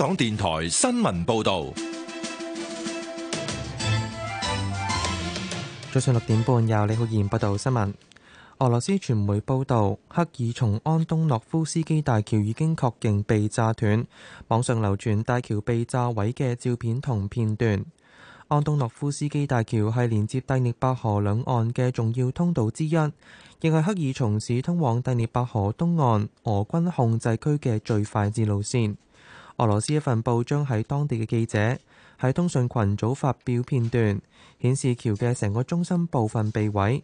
港電台新聞報道，早上六點半由李浩然報道新聞。俄羅斯傳媒報道，赫爾松安東諾夫斯基大橋已經確認被炸斷。網上流傳大橋被炸毀嘅照片同片段。安東諾夫斯基大橋係連接第聶伯河兩岸嘅重要通道之一，亦係赫爾松市通往第聶伯河東岸俄軍控制區嘅最快捷路線。俄羅斯一份報章喺當地嘅記者喺通訊群組發表片段，顯示橋嘅成個中心部分被毀，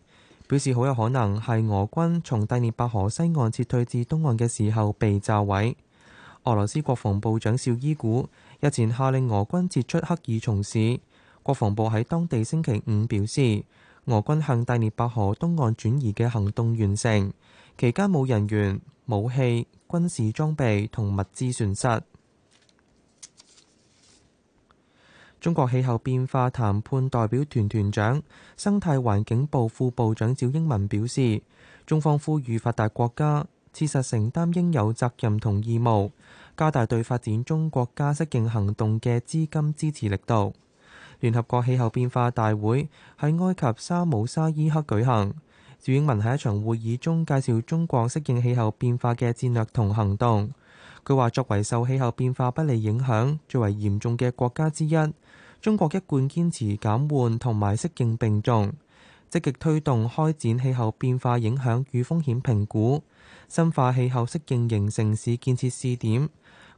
表示好有可能係俄軍從第聶伯河西岸撤退至東岸嘅時候被炸毀。俄羅斯國防部長邵伊古日前下令俄軍撤出克爾松市。國防部喺當地星期五表示，俄軍向第聶伯河東岸轉移嘅行動完成，期間冇人員、武器、軍事裝備同物資損失。中國氣候變化談判代表團團長、生態環境部副部長趙英民表示，中方呼籲發達國家切實承擔應有責任同義務，加大對發展中國家適應行動嘅資金支持力度。聯合國氣候變化大會喺埃及沙姆沙伊克舉行，趙英民喺一場會議中介紹中國適應氣候變化嘅戰略同行動。佢話，作為受氣候變化不利影響最為嚴重嘅國家之一，中國一貫堅持減緩同埋適應並重，積極推動開展氣候變化影響與風險評估，深化氣候適應型城市建設試點，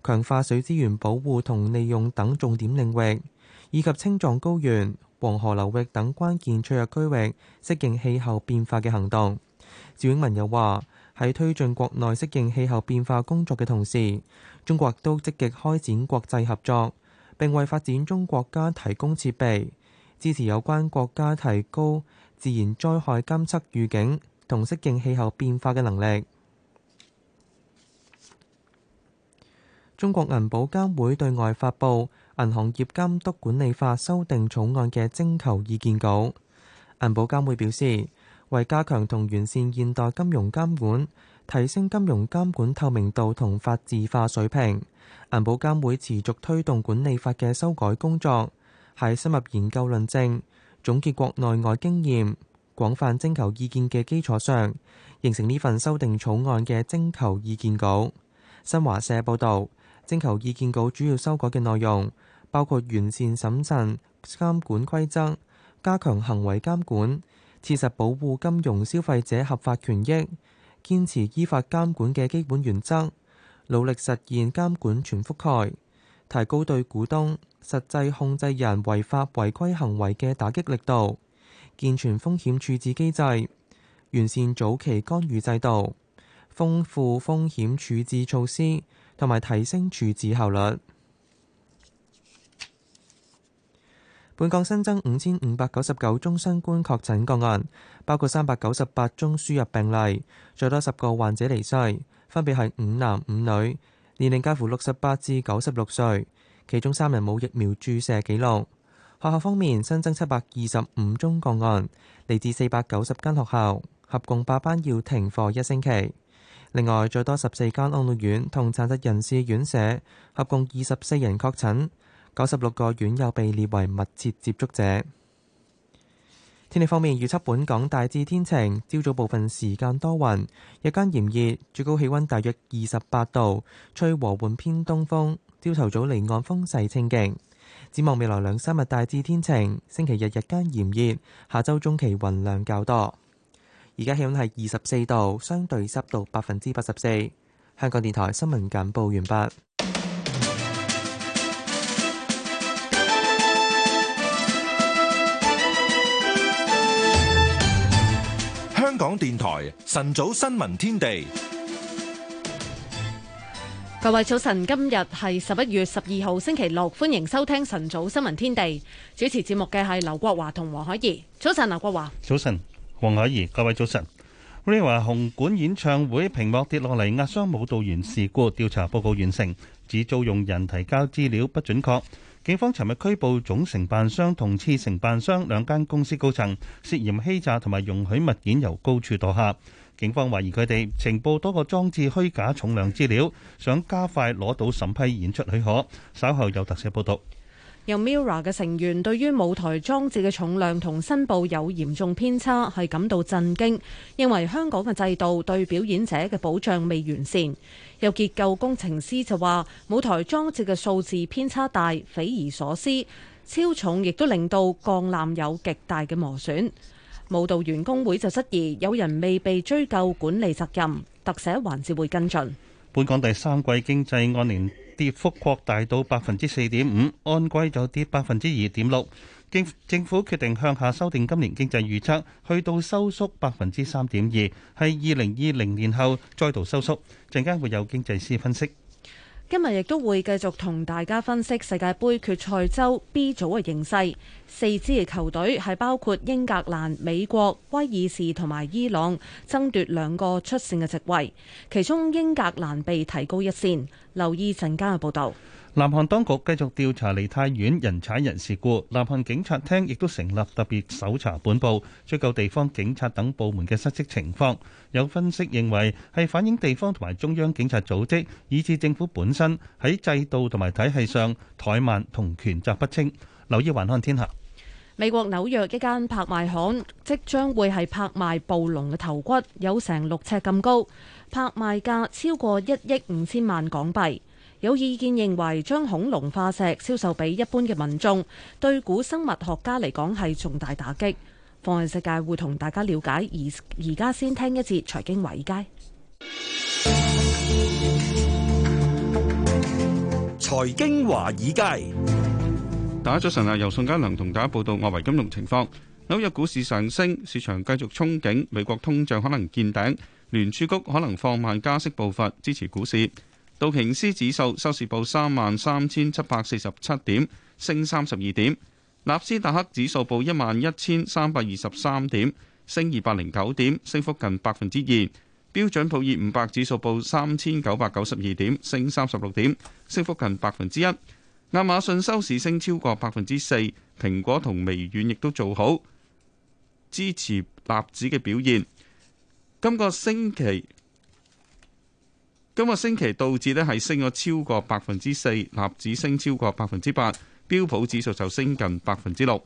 強化水資源保護同利用等重點領域，以及青藏高原、黃河流域等關鍵脆弱區域適應氣候變化嘅行動。趙永文又話：喺推進國內適應氣候變化工作嘅同時，中國都積極開展國際合作。並為發展中國家提供設備，支持有關國家提高自然災害監測預警同適應氣候變化嘅能力。中國銀保監會對外發布《銀行業監督管理法》修訂草案嘅徵求意見稿。銀保監會表示，為加強同完善現代金融監管，提升金融監管透明度同法治化水平。銀保監會持續推動管理法嘅修改工作，喺深入研究論證、總結國內外經驗、廣泛徵求意見嘅基礎上，形成呢份修訂草案嘅徵求意見稿。新華社報導，徵求意見稿主要修改嘅內容包括完善審慎監管規則、加強行為監管、切實保護金融消費者合法權益、堅持依法監管嘅基本原則。努力實現監管全覆蓋，提高對股東、實際控制人違法違規行為嘅打擊力度，健全風險處置機制，完善早期干預制度，豐富風險處置措施，同埋提升處置效率。本港新增五千五百九十九宗新冠確診個案，包括三百九十八宗輸入病例，再多十個患者離世。分別係五男五女，年齡介乎六十八至九十六歲，其中三人冇疫苗注射記錄。學校方面新增七百二十五宗個案，嚟自四百九十間學校，合共八班要停課一星期。另外，再多十四間安老院同殘疾人士院舍，合共二十四人確診，九十六個院友被列為密切接觸者。天氣方面，預測本港大致天晴，朝早部分時間多雲，日間炎熱，最高氣溫大約二十八度，吹和緩偏東風。朝頭早離岸風勢清勁。展望未來兩三日大致天晴，星期日日間炎熱，下周中期雲量較多。而家氣溫係二十四度，相對濕度百分之八十四。香港電台新聞簡報完畢。港電台晨早新聞天地，各位早晨，今日係十一月十二號星期六，歡迎收聽晨早新聞天地。主持節目嘅係劉國華同黃海怡。早晨，劉國華。早晨，黃海怡。各位早晨。維華紅館演唱會屏幕跌落嚟，壓傷舞蹈員事故調查報告完成，指租用人提交資料不準確。警方尋日拘捕總承辦商同次承辦商兩間公司高層，涉嫌欺詐同埋容許物件由高處墮下。警方懷疑佢哋呈報多個裝置虛假重量資料，想加快攞到審批演出許可。稍後有特寫報道。有 MIRROR 嘅成員對於舞台裝置嘅重量同申報有嚴重偏差係感到震驚，認為香港嘅制度對表演者嘅保障未完善。有結構工程師就話舞台裝置嘅數字偏差大，匪夷所思，超重亦都令到鋼纜有極大嘅磨損。舞蹈員工會就質疑有人未被追究管理責任。特寫環節會跟進。本港第三季經濟按年跌幅擴大到百分之四點五，按季就跌百分之二點六。政府決定向下修訂今年經濟預測，去到收縮百分之三點二，係二零二零年後再度收縮。陣間會有經濟師分析。今日亦都會繼續同大家分析世界盃決賽周 B 組嘅形勢。四支嘅球隊係包括英格蘭、美國、威爾士同埋伊朗，爭奪兩個出線嘅席位。其中英格蘭被睇高一線。留意陳家嘅報道。南韓當局繼續調查梨泰院人踩人事故，南韓警察廳亦都成立特別搜查本部，追究地方警察等部門嘅失職情況。有分析認為，係反映地方同埋中央警察組織，以至政府本身喺制度同埋體系上怠慢同權責不清。留意《環看天下》。美國紐約一間拍賣行即將會係拍賣暴龍嘅頭骨，有成六尺咁高，拍賣價超過一億五千萬港幣。有意見認為，將恐龍化石銷售俾一般嘅民眾，對古生物學家嚟講係重大打擊。《放眼世界》會同大家了解，而而家先聽一節財經華爾街。財經華爾街。打早晨啊，由宋家良同大家報道外圍金融情況。紐約股市上升，市場繼續憧憬美國通脹可能見頂，聯儲局可能放慢加息步伐，支持股市。道瓊斯指數收市報三萬三千七百四十七點，升三十二點。納斯達克指數報一萬一千三百二十三點，升二百零九點，升幅近百分之二。標準普爾五百指數報三千九百九十二點，升三十六點，升幅近百分之一。亞馬遜收市升超過百分之四，蘋果同微軟亦都做好支持納指嘅表現。今個星期，今個星期道指呢係升咗超過百分之四，納指升超過百分之八，標普指數就升近百分之六。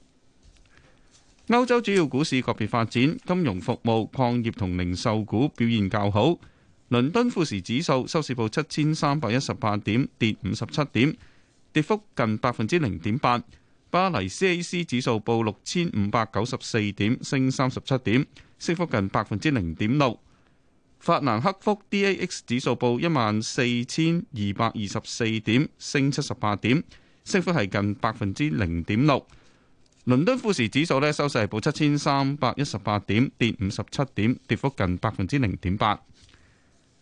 歐洲主要股市個別發展，金融服務、礦業同零售股表現較好。倫敦富時指數收市報七千三百一十八點，跌五十七點。跌幅近百分之零點八。巴黎 CAC 指數報六千五百九十四點，升三十七點，升幅近百分之零點六。法蘭克福 DAX 指數報一萬四千二百二十四點，升七十八點，升幅係近百分之零點六。倫敦富時指數呢收市係報七千三百一十八點，跌五十七點，跌幅近百分之零點八。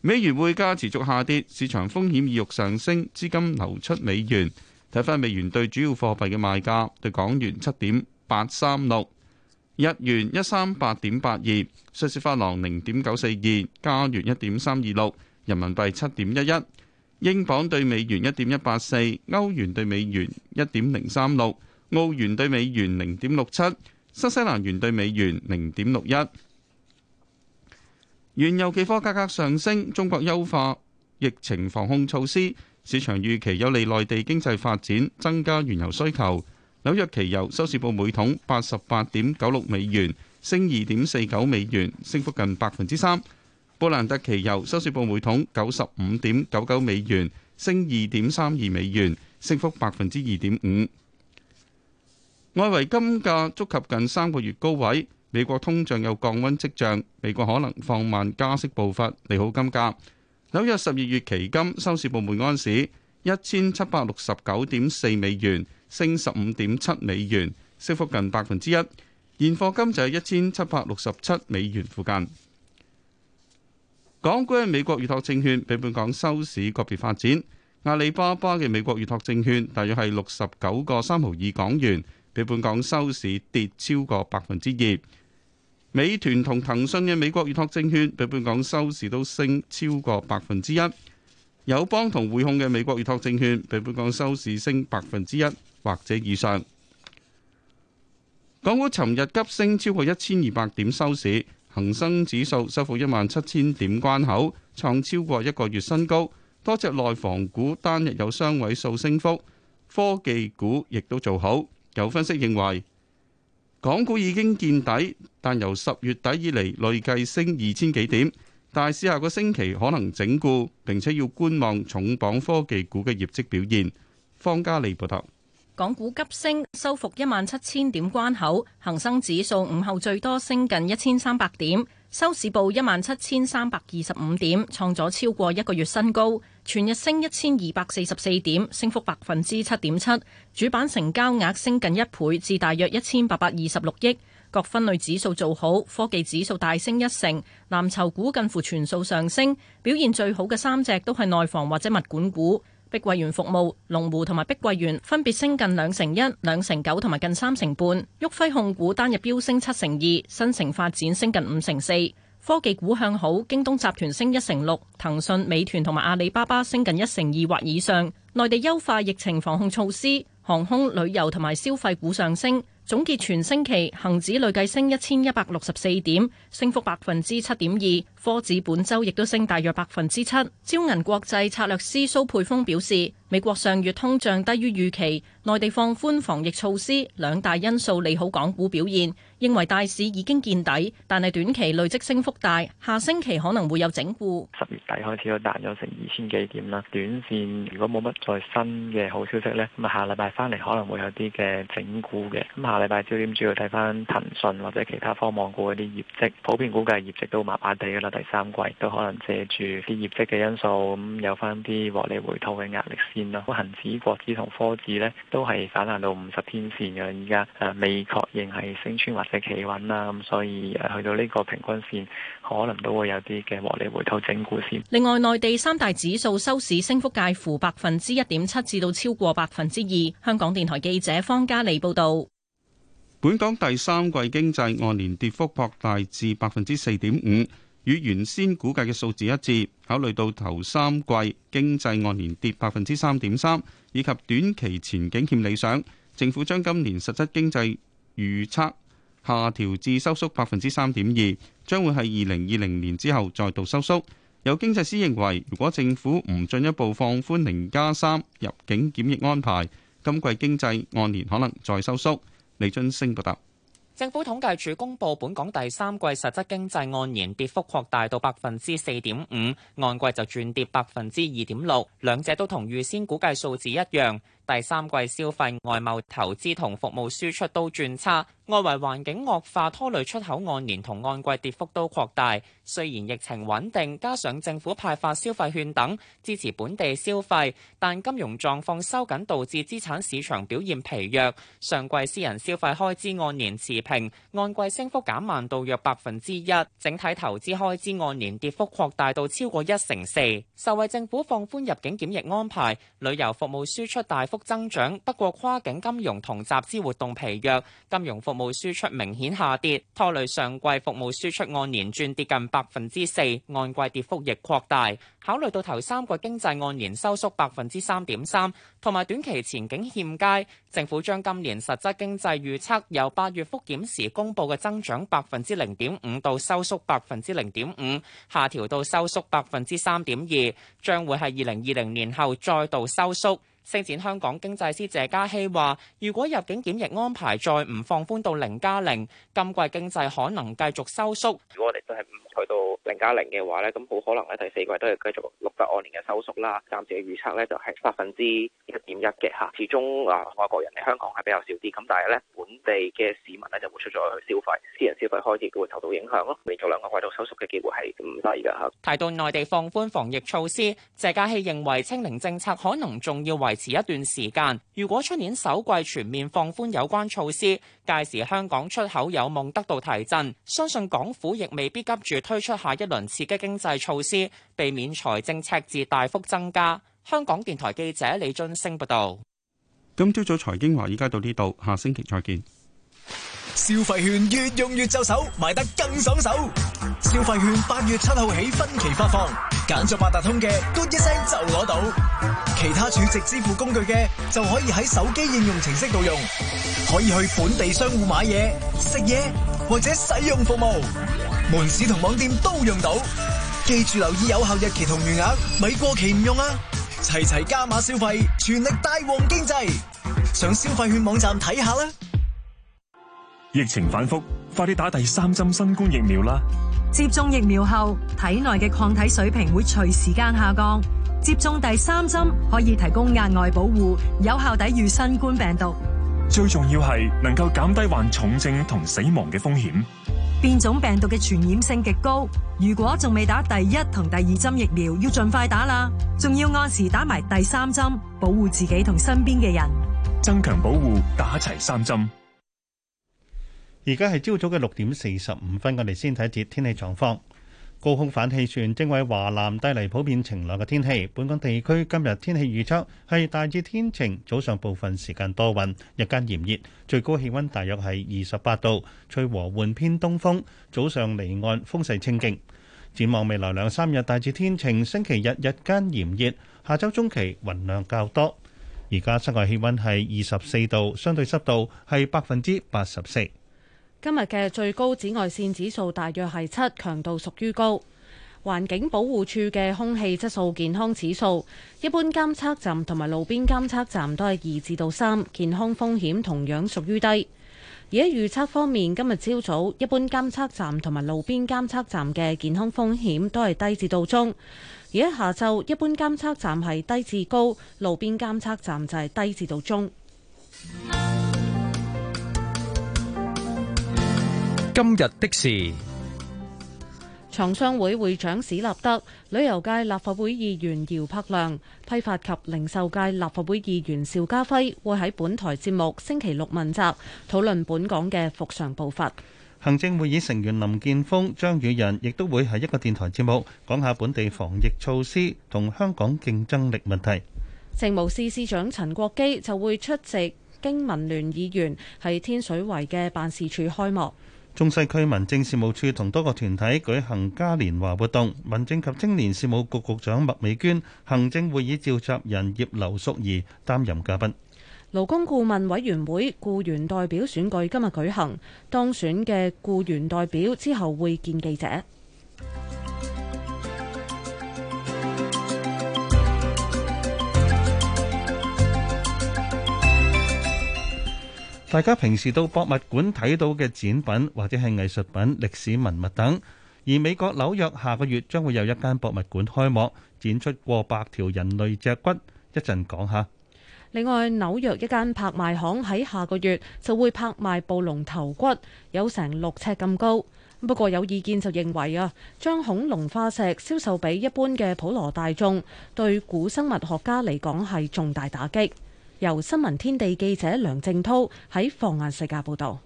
美元匯價持續下跌，市場風險意欲上升，資金流出美元。睇返美元對主要貨幣嘅賣價：對港元七點八三六，日元一三八點八二，瑞士法郎零點九四二，加元一點三二六，人民幣七點一一，英鎊對美元一點一八四，歐元對美元一點零三六，澳元對美元零點六七，新西蘭元對美元零點六一。原油期貨價格上升，中國優化疫情防控措施，市場預期有利內地經濟發展，增加原油需求。紐約期油收市報每桶八十八點九六美元，升二點四九美元，升幅近百分之三。布蘭特期油收市報每桶九十五點九九美元，升二點三二美元，升幅百分之二點五。外圍金價觸及近三個月高位。美國通脹有降溫跡象，美國可能放慢加息步伐，利好金價。紐約十二月期金收市報每安市一千七百六十九點四美元，升十五點七美元，升幅近百分之一。現貨金就係一千七百六十七美元附近。港股嘅美國預託證券比本港收市個別發展，阿里巴巴嘅美國預託證券大約係六十九個三毫二港元，比本港收市跌超過百分之二。美團同騰訊嘅美國預託證券，比本港收市都升超過百分之一；友邦同匯控嘅美國預託證券，比本港收市升百分之一或者以上。港股尋日急升超過一千二百點，收市恒生指數收復一萬七千點關口，創超過一個月新高。多隻內房股單日有雙位數升幅，科技股亦都做好。有分析認為，港股已經見底，但由十月底以嚟累計升二千幾點，大市下個星期可能整固，並且要觀望重磅科技股嘅業績表現。方嘉利報道，港股急升，收復一萬七千點關口，恒生指數午後最多升近一千三百點。收市報一萬七千三百二十五點，創咗超過一個月新高。全日升一千二百四十四點，升幅百分之七點七。主板成交額升近一倍，至大約一千八百二十六億。各分類指數做好，科技指數大升一成，藍籌股近乎全數上升。表現最好嘅三隻都係內房或者物管股。碧桂園服務、龍湖同埋碧桂園分別升近兩成一、兩成九同埋近三成半。旭輝控股單日飆升七成二，新城發展升近五成四。科技股向好，京東集團升一成六，騰訊、美團同埋阿里巴巴升近一成二或以上。內地優化疫情防控措施，航空、旅遊同埋消費股上升。總結全星期，恒指累計升一千一百六十四點，升幅百分之七點二；科指本周亦都升大約百分之七。招銀國際策略師蘇佩峰表示。美國上月通脹低於預期，內地放寬防疫措施，兩大因素利好港股表現。認為大市已經見底，但係短期累積升幅大，下星期可能會有整固。十月底開始都彈咗成二千幾點啦。短線如果冇乜再新嘅好消息呢，咁啊下禮拜翻嚟可能會有啲嘅整固嘅。咁下禮拜焦點主要睇翻騰訊或者其他科網股嗰啲業績，普遍估計業績都麻麻地㗎啦。第三季都可能借住啲業績嘅因素，咁有翻啲獲利回吐嘅壓力。恒指、國指同科指咧，都係反彈到五十天線嘅，而家誒未確認係升穿或者企穩啦，咁所以去到呢個平均線，可能都會有啲嘅獲利回吐整固先。另外，內地三大指數收市升幅介乎百分之一點七至到超過百分之二。香港電台記者方嘉莉報道。本港第三季經濟按年跌幅擴大至百分之四點五。與原先估計嘅數字一致，考慮到頭三季經濟按年跌百分之三點三，以及短期前景欠理想，政府將今年實質經濟預測下調至收縮百分之三點二，將會喺二零二零年之後再度收縮。有經濟師認為，如果政府唔進一步放寬零加三入境檢疫安排，今季經濟按年可能再收縮。李津升報道。政府統計處公布，本港第三季實質經濟按年跌幅擴大到百分之四點五，按季就轉跌百分之二點六，兩者都同預先估計數字一樣。第三季消費、外貿、投資同服務輸出都轉差。外圍環境惡化拖累出口，按年同按季跌幅都擴大，雖然疫情穩定，加上政府派發消費券等支持本地消費，但金融狀況收緊，導致資產市場表現疲弱。上季私人消費開支按年持平，按季升幅減慢到約百分之一，整體投資開支按年跌幅擴大到超過一成四。受惠政府放寬入境檢疫安排，旅遊服務輸出大幅增長，不過跨境金融同集資活動疲弱，金融服務服務輸出明顯下跌，拖累上季服務輸出按年轉跌近百分之四，按季跌幅亦擴大。考慮到頭三個月經濟按年收縮百分之三點三，同埋短期前景欠佳，政府將今年實質經濟預測由八月複檢時公布嘅增長百分之零點五到收縮百分之零點五，下調到收縮百分之三點二，將會係二零二零年後再度收縮。星展香港經濟師謝家希話，如果入境檢疫安排再唔放寬到零加零，今季經濟可能繼續收縮。零加零嘅話咧，咁好可能咧第四季都係繼續錄得按年嘅收縮啦。暫時嘅預測咧就係百分之一點一嘅嚇。始終啊，外國人嚟香港係比較少啲，咁但係咧本地嘅市民咧就會出咗去消費，私人消費開始佢會受到影響咯。連續兩個季度收縮嘅機會係唔低㗎嚇。提到內地放寬防疫措施，謝家氣認為清零政策可能仲要維持一段時間。如果出年首季全面放寬有關措施，屆時香港出口有望得到提振。相信港府亦未必急住推出下。一輪刺激經濟措施，避免財政赤字大幅增加。香港電台記者李俊升報道。今朝早財經話，依家到呢度，下星期再見。消費券越用越就手，買得更爽手。消費券八月七號起分期發放，揀咗八達通嘅，嘟一聲就攞到。其他儲值支付工具嘅，就可以喺手機應用程式度用，可以去本地商戶買嘢、食嘢或者使用服務。門市同網店都用到，記住留意有效日期同餘額，咪過期唔用啊！齊齊加碼消費，全力帶旺經濟，上消費券網站睇下啦！疫情反覆，快啲打第三針新冠疫苗啦！接種疫苗後，體內嘅抗體水平會隨時間下降，接種第三針可以提供額外保護，有效抵御新冠病毒。最重要係能夠減低患重症同死亡嘅風險。變種病毒嘅傳染性極高，如果仲未打第一同第二針疫苗，要盡快打啦，仲要按時打埋第三針，保護自己同身邊嘅人，增強保護，打齊三針。而家係朝早嘅六點四十五分，我哋先睇一節天氣狀況。高空反氣旋正為華南帶嚟普遍晴朗嘅天氣。本港地區今日天氣預測係大致天晴，早上部分時間多雲，日間炎熱，最高氣温大約係二十八度，吹和緩偏東風，早上離岸風勢清勁。展望未來兩三日大致天晴，星期日日間炎熱，下週中期雲量較多。而家室外氣温係二十四度，相對濕度係百分之八十四。今日嘅最高紫外線指數大約係七，強度屬於高。環境保護處嘅空氣質素健康指數，一般監測站同埋路邊監測站都係二至到三，健康風險同樣屬於低。而喺預測方面，今日朝早一般監測站同埋路邊監測站嘅健康風險都係低至到中。而喺下晝，一般監測站係低，低至高，路邊監測站就係低至到中。今日的事，廠商會會長史立德、旅遊界立法會議員姚柏亮、批發及零售界立法會議員邵家輝會喺本台節目星期六問責討論本港嘅復常步伐。行政會議成員林建峰、張宇人亦都會喺一個電台節目講下本地防疫措施同香港競爭力問題。政務司司長陳國基就會出席經民聯議員喺天水圍嘅辦事處開幕。中西區民政事務處同多個團體舉行嘉年華活動，民政及青年事務局局長麥美娟、行政會議召集人葉劉淑儀擔任嘉賓。勞工顧問委員會僱員代表選舉今日舉行，當選嘅僱員代表之後會見記者。大家平時到博物館睇到嘅展品或者係藝術品、歷史文物等，而美國紐約下個月將會有一間博物館開幕，展出過百條人類脊骨。一陣講下。另外，紐約一間拍賣行喺下個月就會拍賣暴龍頭骨，有成六尺咁高。不過有意見就認為啊，將恐龍化石銷售俾一般嘅普羅大眾，對古生物學家嚟講係重大打擊。由新聞天地記者梁正濤喺放眼世界報道。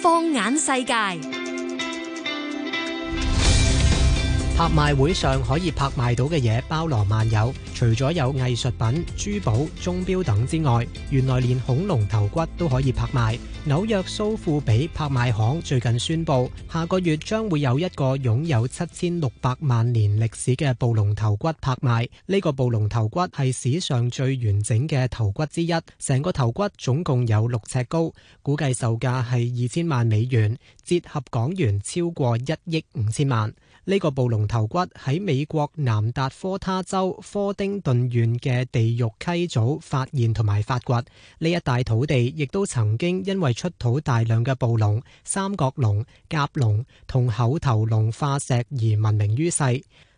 放眼世界。拍賣會上可以拍賣到嘅嘢，包羅萬有，除咗有藝術品、珠寶、鐘錶等之外，原來連恐龍頭骨都可以拍賣。紐約蘇富比拍賣行最近宣布，下個月將會有一個擁有七千六百萬年歷史嘅暴龍頭骨拍賣。呢個暴龍頭骨係史上最完整嘅頭骨之一，成個頭骨總共有六尺高，估計售價係二千萬美元，折合港元超過一億五千萬。呢個暴龍頭骨喺美國南達科他州科丁頓縣嘅地獄溪組發現同埋發掘，呢一帶土地亦都曾經因為出土大量嘅暴龍、三角龍、甲龍同口頭龍化石而聞名於世。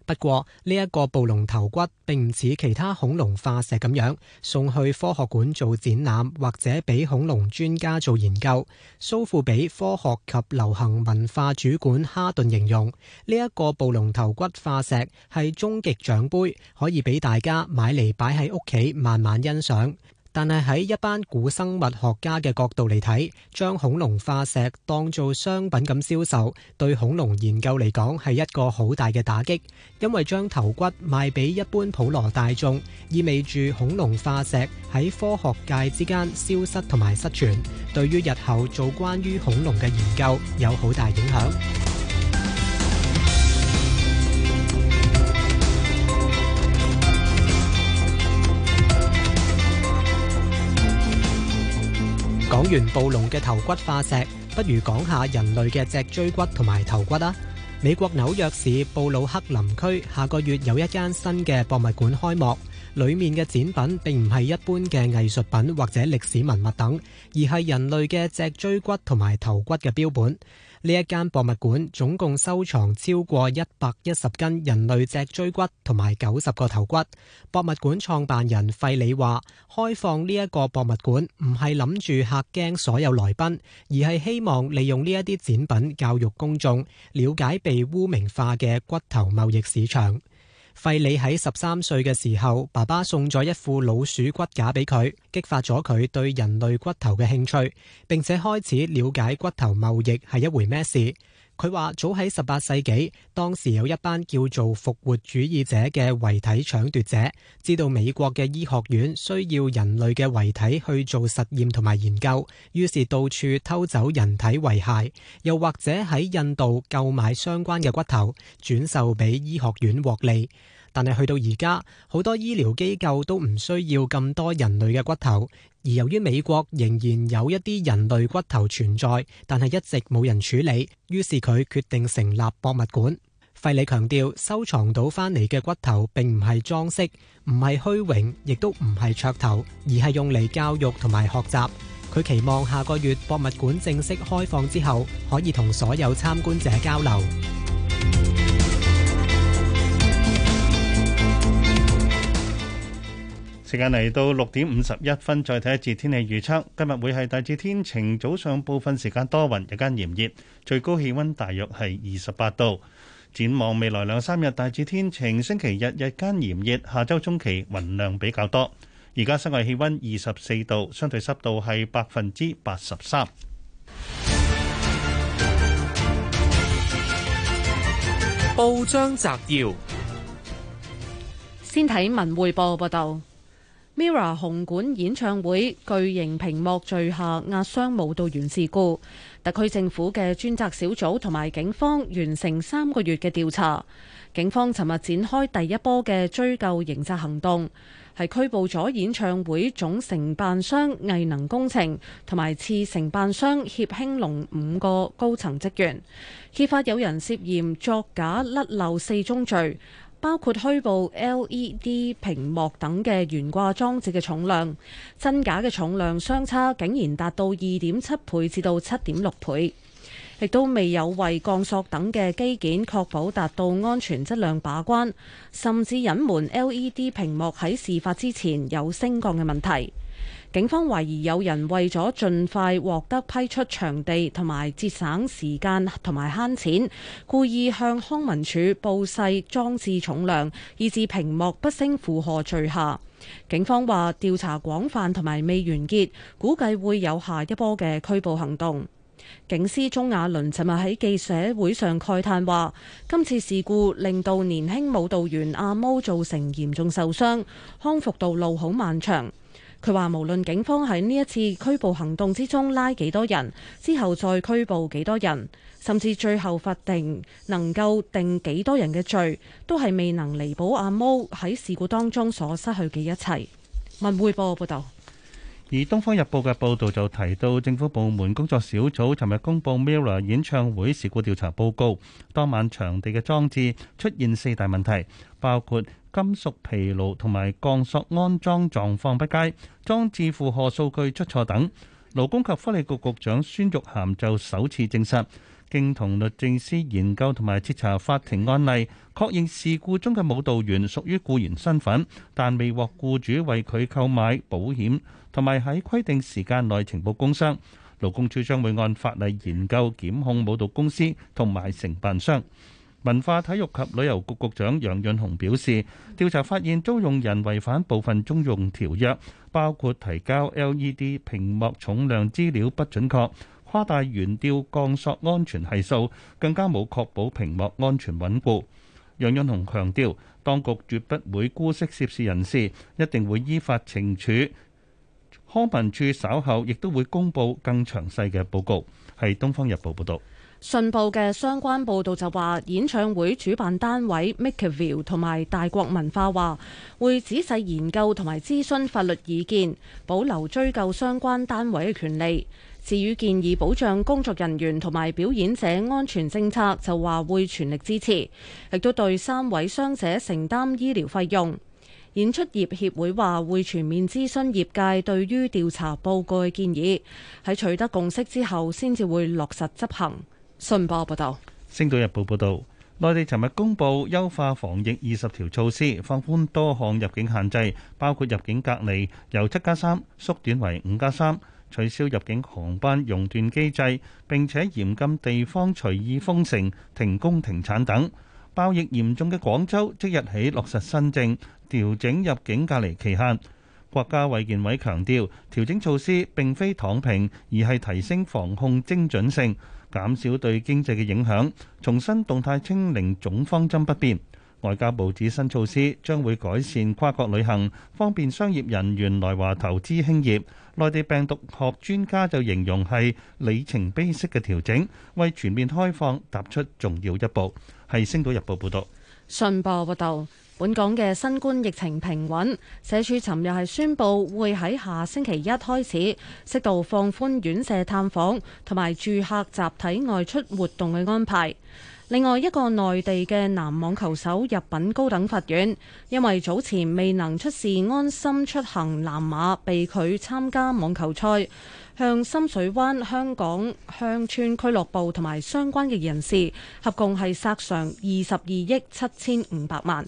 不過，呢一個暴龍頭骨並唔似其他恐龍化石咁樣送去科學館做展覽，或者俾恐龍專家做研究。蘇富比科學及流行文化主管哈頓形容，呢一個暴龍頭骨化石係終極獎杯，可以俾大家買嚟擺喺屋企，慢慢欣賞。但係喺一班古生物學家嘅角度嚟睇，將恐龍化石當做商品咁銷售，對恐龍研究嚟講係一個好大嘅打擊，因為將頭骨賣俾一般普羅大眾，意味住恐龍化石喺科學界之間消失同埋失傳，對於日後做關於恐龍嘅研究有好大影響。講完暴龍嘅頭骨化石，不如講下人類嘅脊椎骨同埋頭骨啊！美國紐約市布魯克林區下個月有一間新嘅博物館開幕，裏面嘅展品並唔係一般嘅藝術品或者歷史文物等，而係人類嘅脊椎骨同埋頭骨嘅標本。呢一間博物館總共收藏超過一百一十斤人類脊椎骨同埋九十個頭骨。博物館創辦人費里話：開放呢一個博物館唔係諗住嚇驚所有來賓，而係希望利用呢一啲展品教育公眾，了解被污名化嘅骨頭貿易市場。費里喺十三歲嘅時候，爸爸送咗一副老鼠骨架俾佢，激發咗佢對人類骨頭嘅興趣，並且開始了解骨頭貿易係一回咩事。佢話：早喺十八世紀，當時有一班叫做復活主義者嘅遺體搶奪者，知道美國嘅醫學院需要人類嘅遺體去做實驗同埋研究，於是到處偷走人體遺骸，又或者喺印度購買相關嘅骨頭，轉售俾醫學院獲利。但係去到而家，好多醫療機構都唔需要咁多人類嘅骨頭。而由於美國仍然有一啲人類骨頭存在，但係一直冇人處理，於是佢決定成立博物館。費里強調，收藏到返嚟嘅骨頭並唔係裝飾，唔係虛榮，亦都唔係噱頭，而係用嚟教育同埋學習。佢期望下個月博物館正式開放之後，可以同所有參觀者交流。時間嚟到六點五十一分，再睇一次天氣預測。今日會係大致天晴，早上部分時間多雲，日間炎熱，最高氣温大約係二十八度。展望未來兩三日，大致天晴，星期日日間炎熱，下周中期雲量比較多。而家室外氣温二十四度，相對濕度係百分之八十三。報章摘要，先睇文匯報報道。MIRROR 紅館演唱會巨型屏幕墜下壓傷舞蹈員事故，特區政府嘅專責小組同埋警方完成三個月嘅調查。警方尋日展開第一波嘅追究刑責行動，係拘捕咗演唱會總承辦商藝能工程同埋次承辦商協興隆五個高層職員，揭發有人涉嫌作假甩漏四宗罪。包括虛報 LED 屏幕等嘅懸掛裝置嘅重量，真假嘅重量相差竟然達到二點七倍至到七點六倍，亦都未有為降索等嘅機件確保達到安全質量把關，甚至隱瞞 LED 屏幕喺事發之前有升降嘅問題。警方懷疑有人為咗盡快獲得批出場地，同埋節省時間同埋慳錢，故意向康文署報細裝置重量，以致屏幕不勝負荷墜下。警方話調查廣泛同埋未完結，估計會有下一波嘅拘捕行動。警司鍾雅倫尋日喺記者會上慨嘆話：今次事故令到年輕舞蹈員阿毛造成嚴重受傷，康復道路好漫長。佢話：無論警方喺呢一次拘捕行動之中拉幾多人，之後再拘捕幾多人，甚至最後法定能夠定幾多人嘅罪，都係未能彌補阿毛喺事故當中所失去嘅一切。文匯播報道。而《東方日報》嘅報道就提到，政府部門工作小組尋日公布 MIRROR 演唱會事故調查報告。當晚場地嘅裝置出現四大問題，包括金屬疲勞同埋鋼索安裝狀況不佳、裝置負荷數據出錯等。勞工及福利局局長孫玉菡就首次證實，經同律政司研究同埋徹查法庭案例，確認事故中嘅舞蹈員屬於僱員身份，但未獲僱主為佢購買保險。同埋喺規定時間內呈報工傷，勞工處將會按法例研究檢控舞蹈公司同埋承辦商。文化體育及旅遊局局長楊潤雄表示，調查發現租用人違反部分租用條約，包括提交 LED 屏幕重量資料不準確、誇大原吊降索安全係數，更加冇確保屏幕安全穩固。楊潤雄強調，當局絕不會姑息涉事人士，一定會依法懲處。康文署稍後亦都會公布更詳細嘅報告。係《東方日報》報道，信報嘅相關報導就話，演唱會主辦單位 MakerVille 同埋大國文化話，會仔細研究同埋諮詢法律意見，保留追究相關單位嘅權利。至於建議保障工作人員同埋表演者安全政策，就話會全力支持，亦都對三位傷者承擔醫療費用。演出業協會話會全面諮詢業界對於調查報告嘅建議，喺取得共識之後，先至會落實執行。信報報道，《星島日報》報道，內地尋日公布優化防疫二十條措施，放寬多項入境限制，包括入境隔離由七加三縮短為五加三，3，取消入境航班熔斷機制，並且嚴禁地方隨意封城、停工停產等。爆疫嚴重嘅廣州即日起落實新政。調整入境隔離期限，國家衛健委強調，調整措施並非躺平，而係提升防控精準性，減少對經濟嘅影響。重新動態清零總方針不變。外交部指新措施將會改善跨國旅行，方便商業人員來華投資興業。內地病毒學專家就形容係里程碑式嘅調整，為全面開放踏出重要一步。係《星島日報》報道、信報報道。本港嘅新冠疫情平穩，社署尋日係宣布會喺下星期一開始適度放寬院舍探訪同埋住客集體外出活動嘅安排。另外一個內地嘅男網球手入稟高等法院，因為早前未能出示安心出行藍碼被拒參加網球賽，向深水灣香港鄉村俱樂部同埋相關嘅人士合共係索償二十二億七千五百萬。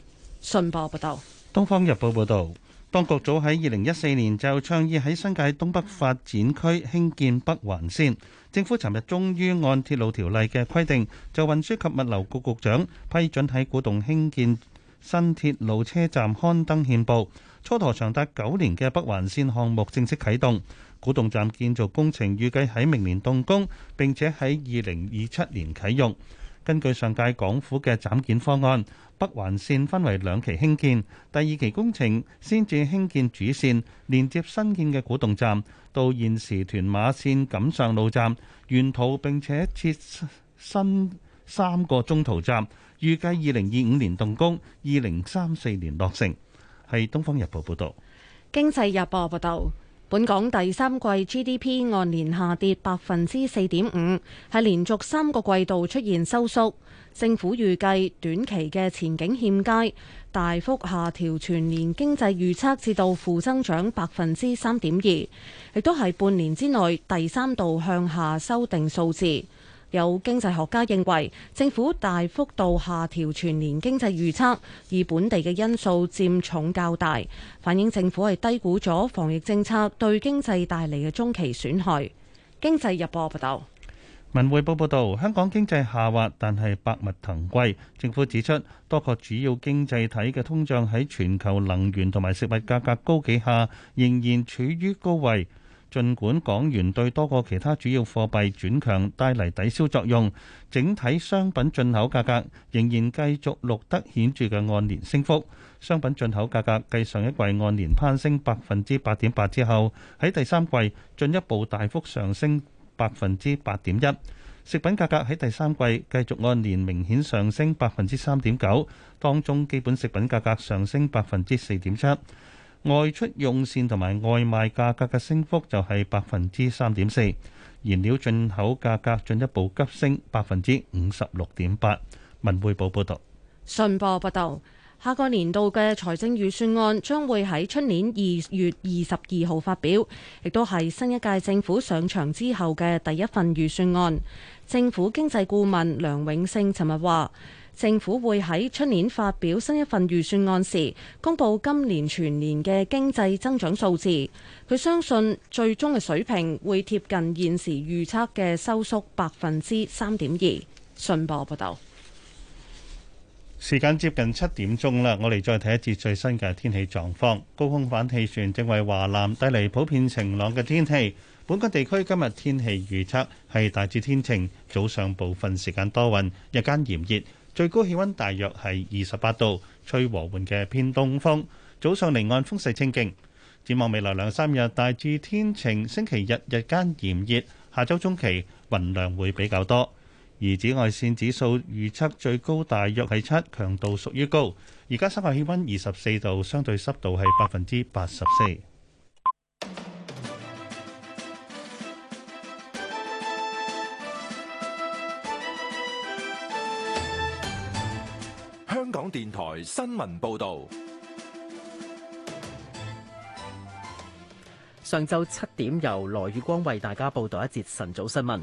信報報道，《東方日報》報道，當局早喺二零一四年就倡議喺新界東北發展區興建北環線。政府尋日終於按鐵路條例嘅規定，就運輸及物流局局長批准喺古洞興建新鐵路車站刊登憲報，蹉跎長達九年嘅北環線項目正式啟動。古洞站建造工程預計喺明年動工，並且喺二零二七年啟用。根據上屆港府嘅斬件方案，北環線分為兩期興建，第二期工程先至興建主線，連接新建嘅古洞站到現時屯馬線錦上路站，沿途並且設新三個中途站，預計二零二五年動工，二零三四年落成。係《東方日報》報道。《經濟日報》報道。本港第三季 GDP 按年下跌百分之四點五，係連續三個季度出現收縮。政府預計短期嘅前景欠佳，大幅下調全年經濟預測，至到負增長百分之三點二，亦都係半年之內第三度向下修訂數字。有經濟學家認為，政府大幅度下調全年經濟預測，而本地嘅因素佔重較大，反映政府係低估咗防疫政策對經濟帶嚟嘅中期損害。經濟日報報道，文匯報報道，香港經濟下滑，但係百物騰貴。政府指出，多個主要經濟體嘅通脹喺全球能源同埋食物價格高企下，仍然處於高位。儘管港元對多個其他主要貨幣轉強，帶嚟抵消作用。整體商品進口價格仍然繼續錄得顯著嘅按年升幅。商品進口價格繼上一季按年攀升百分之八點八之後，喺第三季進一步大幅上升百分之八點一。食品價格喺第三季繼續按年明顯上升百分之三點九，當中基本食品價格上升百分之四點七。外出用線同埋外賣價格嘅升幅就係百分之三點四，燃料進口價格進一步急升百分之五十六點八。文匯報報道。信報報道，下個年度嘅財政預算案將會喺出年二月二十二號發表，亦都係新一屆政府上場之後嘅第一份預算案。政府經濟顧問梁永勝琴日話。政府會喺出年發表新一份預算案時公布今年全年嘅經濟增長數字。佢相信最終嘅水平會貼近現時預測嘅收縮百分之三點二。信報報道，時間接近七點鐘啦。我哋再睇一節最新嘅天氣狀況。高空反氣旋正為華南帶嚟普遍晴朗嘅天氣。本港地區今日天氣預測係大致天晴，早上部分時間多雲，日間炎熱。最高氣溫大約係二十八度，吹和緩嘅偏東風。早上離岸風勢清勁，展望未來兩三日大致天晴。星期日日間炎熱，下週中期雲量會比較多。而紫外線指數預測最高大約係七，強度屬於高。而家室外氣溫二十四度，相對濕度係百分之八十四。港電台新聞報道，上晝七點由羅宇光為大家報道一節晨早新聞。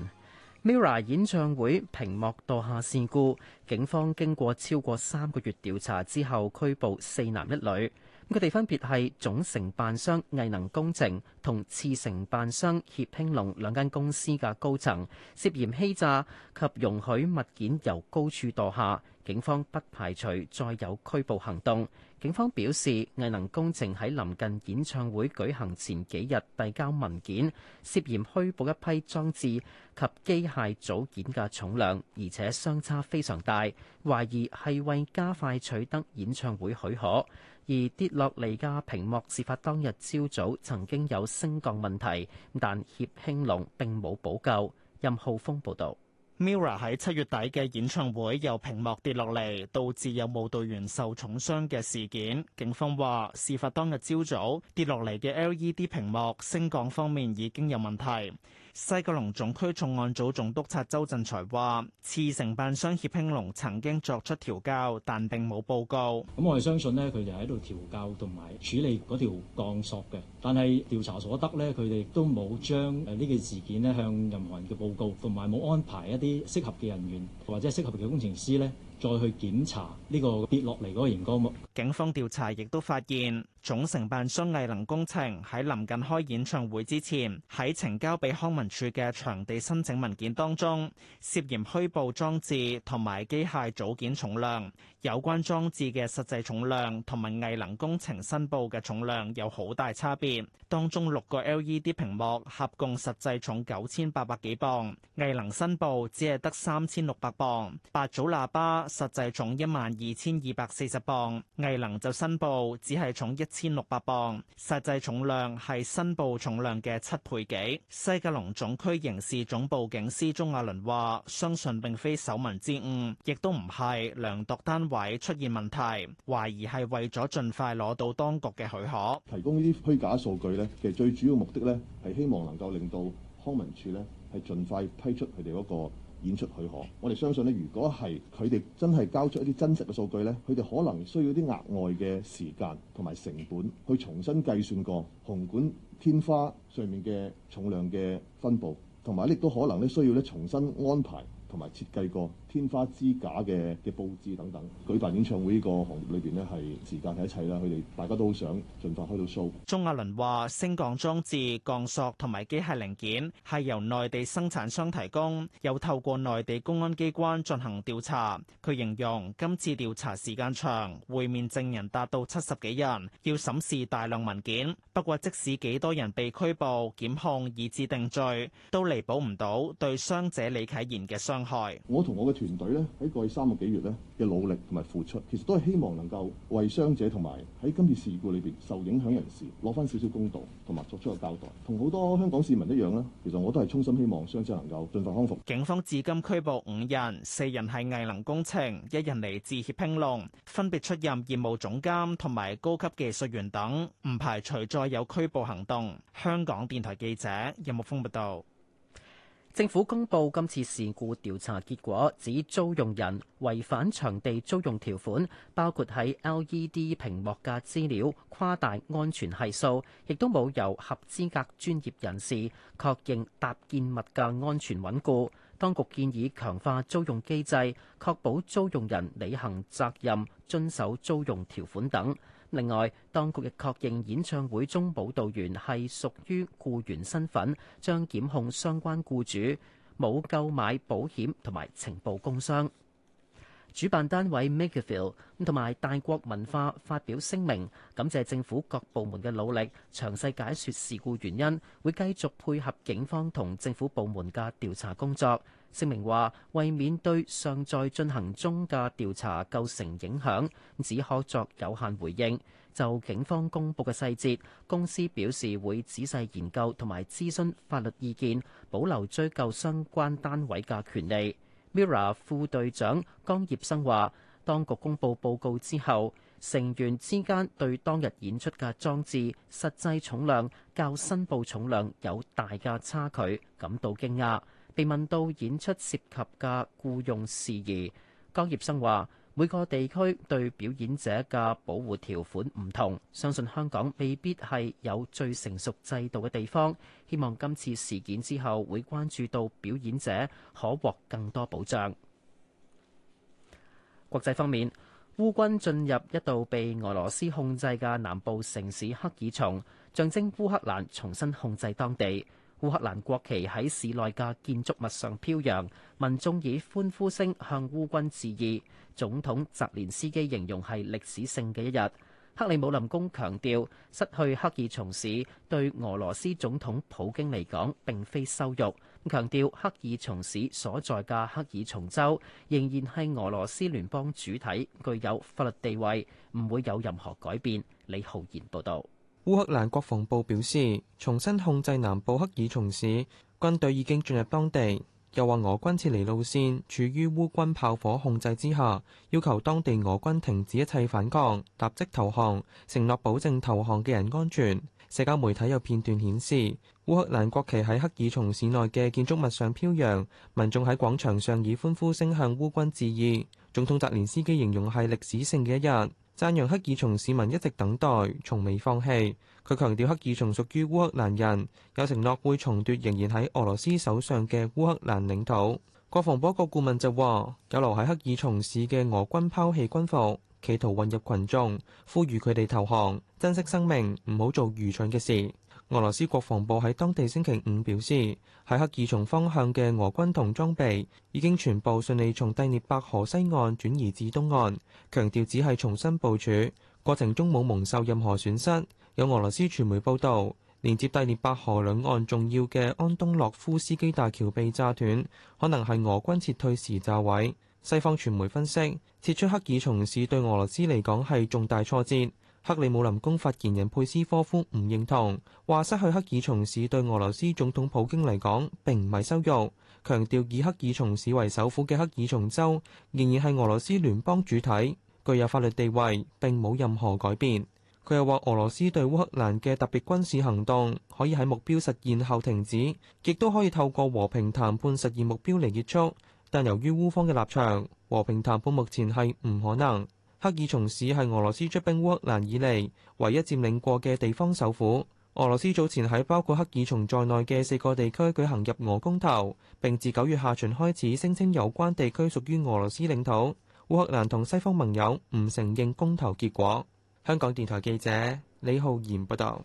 Mirror 演唱會屏幕墮下事故，警方經過超過三個月調查之後，拘捕四男一女。佢哋分別係總承辦商藝能工程同次承辦商協興隆兩間公司嘅高層，涉嫌欺詐及容許物件由高處墮下。警方不排除再有拘捕行動，警方表示，藝能工程喺臨近演唱會舉行前幾日遞交文件，涉嫌虛報一批裝置及機械組件嘅重量，而且相差非常大，懷疑係為加快取得演唱會許可。而跌落嚟嘅屏幕事發當日朝早曾經有升降問題，但協興隆並冇補救。任浩峰報道。MIRROR 喺七月底嘅演唱會，由屏幕跌落嚟，導致有舞蹈員受重傷嘅事件，警方話事發當日朝早跌落嚟嘅 LED 屏幕升降方面已經有問題。西九龍總區重案組總督察周振才話：次承辦商協興隆曾經作出調教，但並冇報告。咁我哋相信咧，佢哋喺度調教同埋處理嗰條鋼索嘅。但係調查所得呢，佢哋亦都冇將誒呢件事件咧向任何人嘅報告，同埋冇安排一啲適合嘅人員，或者適合嘅工程師咧，再去檢查呢個跌落嚟嗰個熒光幕。警方調查亦都發現，總承辦商藝能工程喺臨近開演唱會之前，喺呈交俾康文署嘅場地申請文件當中，涉嫌虛報裝置同埋機械組件重量。有關裝置嘅實際重量同埋藝能工程申報嘅重量有好大差別。當中六個 LED 屏幕合共實際重九千八百幾磅，藝能申報只係得三千六百磅。八組喇叭，實際重一萬二千二百四十磅，藝能就申報只係重一千六百磅，實際重量係申報重量嘅七倍幾。西九龍總區刑事總部警司鍾亞倫話：相信並非手民之誤，亦都唔係量度單位出現問題，懷疑係為咗盡快攞到當局嘅許可，提供呢啲虛假數據呢，其實最主要目的呢，係希望能夠令到康文署呢，係盡快批出佢哋嗰個演出許可，我哋相信咧，如果係佢哋真係交出一啲真實嘅數據，咧，佢哋可能需要啲額外嘅時間同埋成本去重新計算過紅館天花上面嘅重量嘅分佈，同埋亦都可能咧需要咧重新安排同埋設計過。天花支架嘅嘅布置等等，舉辦演唱會呢個行業裏邊咧，係時間係一切啦。佢哋大家都好想盡快開到 show。鍾亞倫話：升降裝置、鋼索同埋機械零件係由內地生產商提供，又透過內地公安機關進行調查。佢形容今次調查時間長，會面證人達到七十幾人，要審視大量文件。不過即使幾多人被拘捕、檢控以至定罪，都彌補唔到對傷者李啟言嘅傷害。我同我嘅。團隊咧喺過去三個幾月咧嘅努力同埋付出，其實都係希望能夠為傷者同埋喺今次事故裏邊受影響人士攞翻少少公道同埋作出個交代。同好多香港市民一樣啦，其實我都係衷心希望傷者能夠盡快康復。警方至今拘捕五人，四人係藝能工程，一人嚟自協興隆，分別出任業務總監同埋高級技術員等，唔排除再有拘捕行動。香港電台記者任木峯報道。政府公布今次事故調查結果，指租用人違反場地租用條款，包括喺 LED 屏幕嘅資料誇大安全係數，亦都冇由合資格專業人士確認搭建物嘅安全穩固。當局建議強化租用機制，確保租用人履行責任、遵守租用條款等。另外，當局亦確認演唱會中舞蹈員係屬於僱員身份，將檢控相關僱主冇購買保險同埋呈報工傷。主辦單位 MakerVille 同埋大國文化發表聲明，感謝政府各部門嘅努力，詳細解説事故原因，會繼續配合警方同政府部門嘅調查工作。聲明話，為免對尚在進行中嘅調查構成影響，只可作有限回應。就警方公佈嘅細節，公司表示會仔細研究同埋諮詢法律意見，保留追究相關單位嘅權利。Mira 副隊長江業生話：當局公佈報告之後，成員之間對當日演出嘅裝置實際重量較申報重量有大嘅差距，感到驚訝。被問到演出涉及嘅僱用事宜，江業生話。每個地區對表演者嘅保護條款唔同，相信香港未必係有最成熟制度嘅地方。希望今次事件之後會關注到表演者可獲更多保障。國際方面，烏軍進入一度被俄羅斯控制嘅南部城市赫爾松，象徵烏克蘭重新控制當地。烏克蘭國旗喺市內嘅建築物上飄揚，民眾以歡呼聲向烏軍致意。總統澤連斯基形容係歷史性嘅一日。克里姆林宮強調，失去克爾松市對俄羅斯總統普京嚟講並非羞辱，強調克爾松市所在嘅克爾松州仍然係俄羅斯聯邦主體，具有法律地位，唔會有任何改變。李浩然報道。烏克蘭國防部表示，重新控制南部克爾松市，軍隊已經進入當地，又話俄軍撤離路線處於烏軍炮火控制之下，要求當地俄軍停止一切反抗，立即投降，承諾保證投降嘅人安全。社交媒體有片段顯示，烏克蘭國旗喺克爾松市內嘅建築物上飄揚，民眾喺廣場上以歡呼聲向烏軍致意。總統澤連斯基形容係歷史性嘅一日。讚揚黑爾松市民一直等待，從未放棄。佢強調，黑爾松屬於烏克蘭人，有承諾會重奪仍然喺俄羅斯手上嘅烏克蘭領土。國防部一個顧問就話、是：有留喺黑爾松市嘅俄軍拋棄軍服，企圖混入群眾，呼籲佢哋投降，珍惜生命，唔好做愚蠢嘅事。俄羅斯國防部喺當地星期五表示，喺克爾松方向嘅俄軍同裝備已經全部順利從第聶伯河西岸轉移至東岸，強調只係重新部署，過程中冇蒙受任何損失。有俄羅斯傳媒報道，連接第聶伯河兩岸重要嘅安東諾夫斯基大橋被炸斷，可能係俄軍撤退時炸毀。西方傳媒分析，撤出克爾松市對俄羅斯嚟講係重大挫折。克里姆林宮發言人佩斯科夫唔認同，話失去克爾松市對俄羅斯總統普京嚟講並唔係羞辱。強調以克爾松市為首府嘅克爾松州仍然係俄羅斯聯邦主體，具有法律地位並冇任何改變，佢又話俄羅斯對烏克蘭嘅特別軍事行動可以喺目標實現後停止，亦都可以透過和平談判實現目標嚟結束。但由於烏方嘅立場，和平談判目前係唔可能。黑爾松市係俄羅斯出兵烏克蘭以嚟唯一佔領過嘅地方首府。俄羅斯早前喺包括黑爾松在內嘅四個地區舉行入俄公投，并自九月下旬開始聲稱有關地區屬於俄羅斯領土。烏克蘭同西方盟友唔承認公投結果。香港電台記者李浩然報道。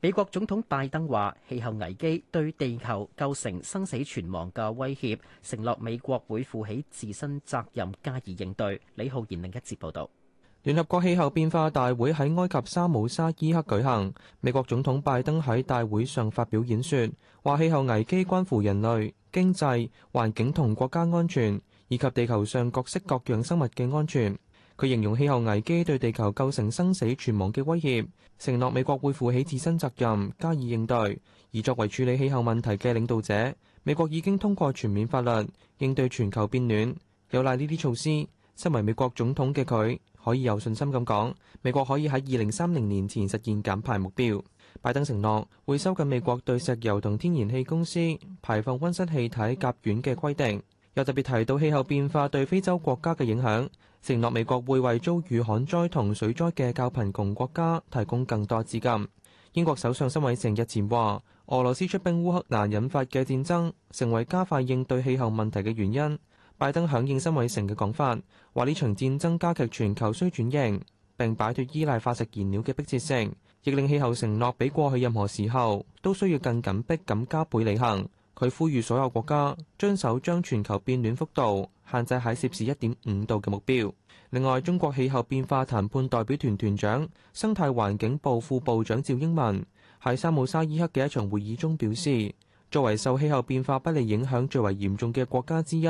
美國總統拜登話氣候危機對地球構成生死存亡嘅威脅，承諾美國會負起自身責任加以應對。李浩然另一節報道。聯合國氣候變化大會喺埃及沙姆沙伊克舉行。美國總統拜登喺大會上發表演說，話氣候危機關乎人類、經濟、環境同國家安全，以及地球上各式各樣生物嘅安全。佢形容氣候危機對地球構成生死存亡嘅威脅，承諾美國會負起自身責任加以應對。而作為處理氣候問題嘅領導者，美國已經通過全面法律應對全球變暖，有賴呢啲措施。身為美國總統嘅佢，可以有信心咁講，美國可以喺二零三零年前實現減排目標。拜登承諾會收緊美國對石油同天然氣公司排放溫室氣體甲烷嘅規定，又特別提到氣候變化對非洲國家嘅影響，承諾美國會為遭遇旱災同水災嘅較貧窮國家提供更多資金。英國首相辛偉誠日前話，俄羅斯出兵烏克蘭引發嘅戰爭成為加快應對氣候問題嘅原因。拜登響應辛偉誠嘅講法，話呢場戰爭加劇全球需轉型，並擺脫依賴化石燃料嘅迫切性，亦令氣候承諾比過去任何時候都需要更緊迫咁加倍履行。佢呼籲所有國家遵守將全球變暖幅度限制喺攝氏一點五度嘅目標。另外，中國氣候變化談判代表團團長生態環境部副部長趙英民喺沙姆沙伊克嘅一場會議中表示，作為受氣候變化不利影響最為嚴重嘅國家之一。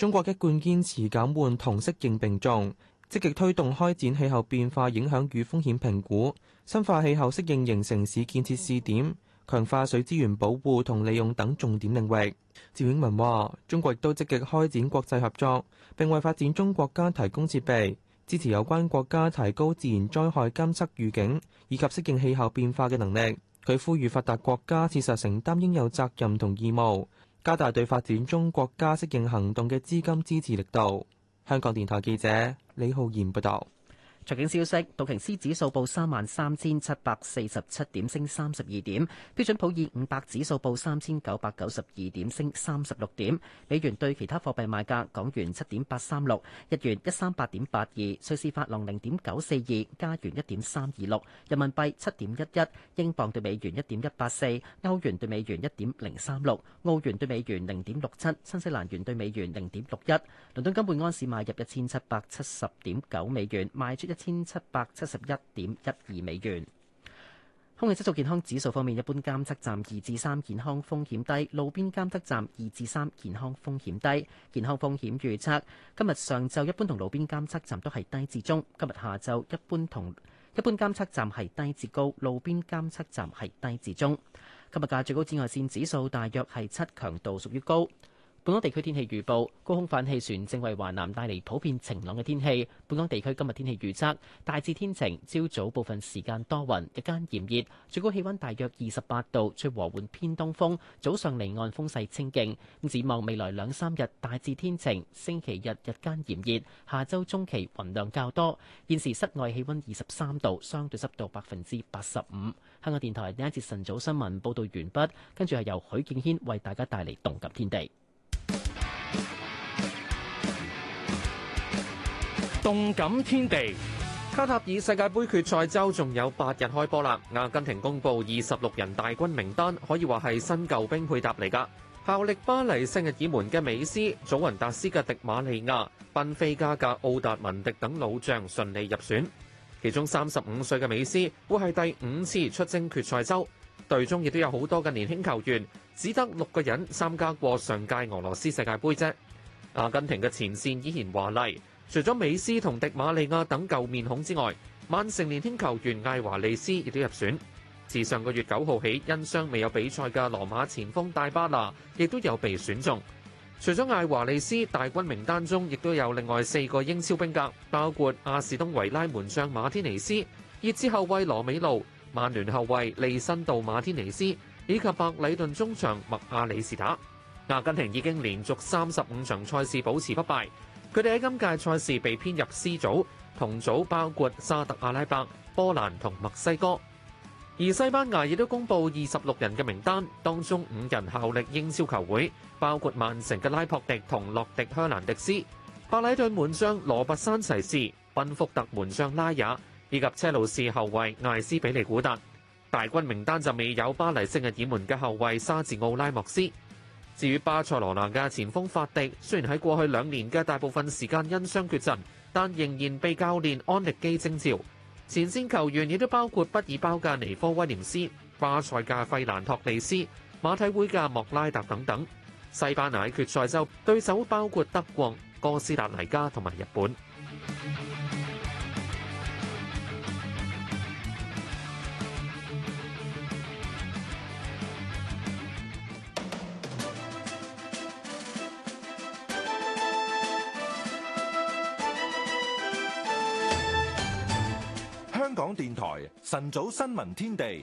中國一貫堅持減緩同適應並重，積極推動開展氣候變化影響與風險評估，深化氣候適應型城市建設試點，強化水資源保護同利用等重點領域。趙永文話：中國亦都積極開展國際合作，並為發展中國家提供設備，支持有關國家提高自然災害監測預警以及適應氣候變化嘅能力。佢呼籲發達國家切實承擔應，應有責任同義務，加大對發展中國家適應行動嘅資金支持力度。香港電台記者李浩然報道。財經消息：道瓊斯指數報三萬三千七百四十七點，升三十二點；標準普爾五百指數報三千九百九十二點，升三十六點。美元對其他貨幣賣價：港元七點八三六，日元一三八點八二，瑞士法郎零點九四二，加元一點三二六，人民幣七點一一，英鎊對美元一點一八四，歐元對美元一點零三六，澳元對美元零點六七，新西蘭元對美元零點六一。倫敦金每安士買入一千七百七十點九美元，賣出一千七百七十一點一二美元。空氣質素健康指數方面，一般監測站二至三，健康風險低；路邊監測站二至三，健康風險低。健康風險預測，今日上晝一般同路邊監測站都係低至中；今日下晝一般同一般監測站係低至高，路邊監測站係低至中。今日嘅最高紫外線指數大約係七，強度屬於高。本港地區天氣預報，高空反氣旋正為華南帶嚟普遍晴朗嘅天氣。本港地區今日天氣預測大致天晴，朝早部分時間多雲，日間炎熱，最高氣溫大約二十八度，吹和緩偏東風，早上離岸風勢清勁。咁展望未來兩三日大致天晴，星期日日間炎熱，下周中期雲量較多。現時室外氣溫二十三度，相對濕度百分之八十五。香港電台呢一節晨早新聞報道完畢，跟住係由許敬軒為大家帶嚟《動感天地》。動感天地，卡塔爾世界盃決賽周仲有八日開波啦。阿根廷公布二十六人大軍名單，可以話係新舊兵配搭嚟噶。效力巴黎聖日耳門嘅美斯、祖雲達斯嘅迪馬利亞、賓菲加嘅奧達文迪等老將順利入選。其中三十五歲嘅美斯會係第五次出征決賽周，隊中亦都有好多嘅年輕球員，只得六個人參加過上屆俄羅斯世界盃啫。阿根廷嘅前線依然華麗。除咗美斯同迪馬利亞等舊面孔之外，曼城年輕球員艾華利斯亦都入選。自上個月九號起因傷未有比賽嘅羅馬前鋒大巴拉亦都有被選中。除咗艾華利斯，大軍名單中亦都有另外四個英超兵格，包括阿士東維拉門將馬天尼斯，熱刺後衛羅美路，曼聯後衛利申道馬天尼斯以及白里頓中場麥亞里士打。阿根廷已經連續三十五場賽事保持不敗。佢哋喺今屆賽事被編入 C 組，同組包括沙特阿拉伯、波蘭同墨西哥。而西班牙亦都公布二十六人嘅名單，當中五人效力英超球會，包括曼城嘅拉柏迪同洛迪克蘭迪斯、白禮頓門將羅拔山齊士、賓福特門將拉雅，以及車路士後衛艾斯比利古達。大軍名單就未有巴黎聖日耳門嘅後衛沙治奧拉莫斯。至於巴塞羅那嘅前鋒法迪，雖然喺過去兩年嘅大部分時間因傷缺陣，但仍然被教練安力基徵召。前線球員亦都包括不爾包嘅尼科威廉斯、巴塞嘅費蘭托利斯、馬體會嘅莫拉達等等。西班牙決賽周對手包括德國、哥斯達黎加同埋日本。電台晨早新聞天地，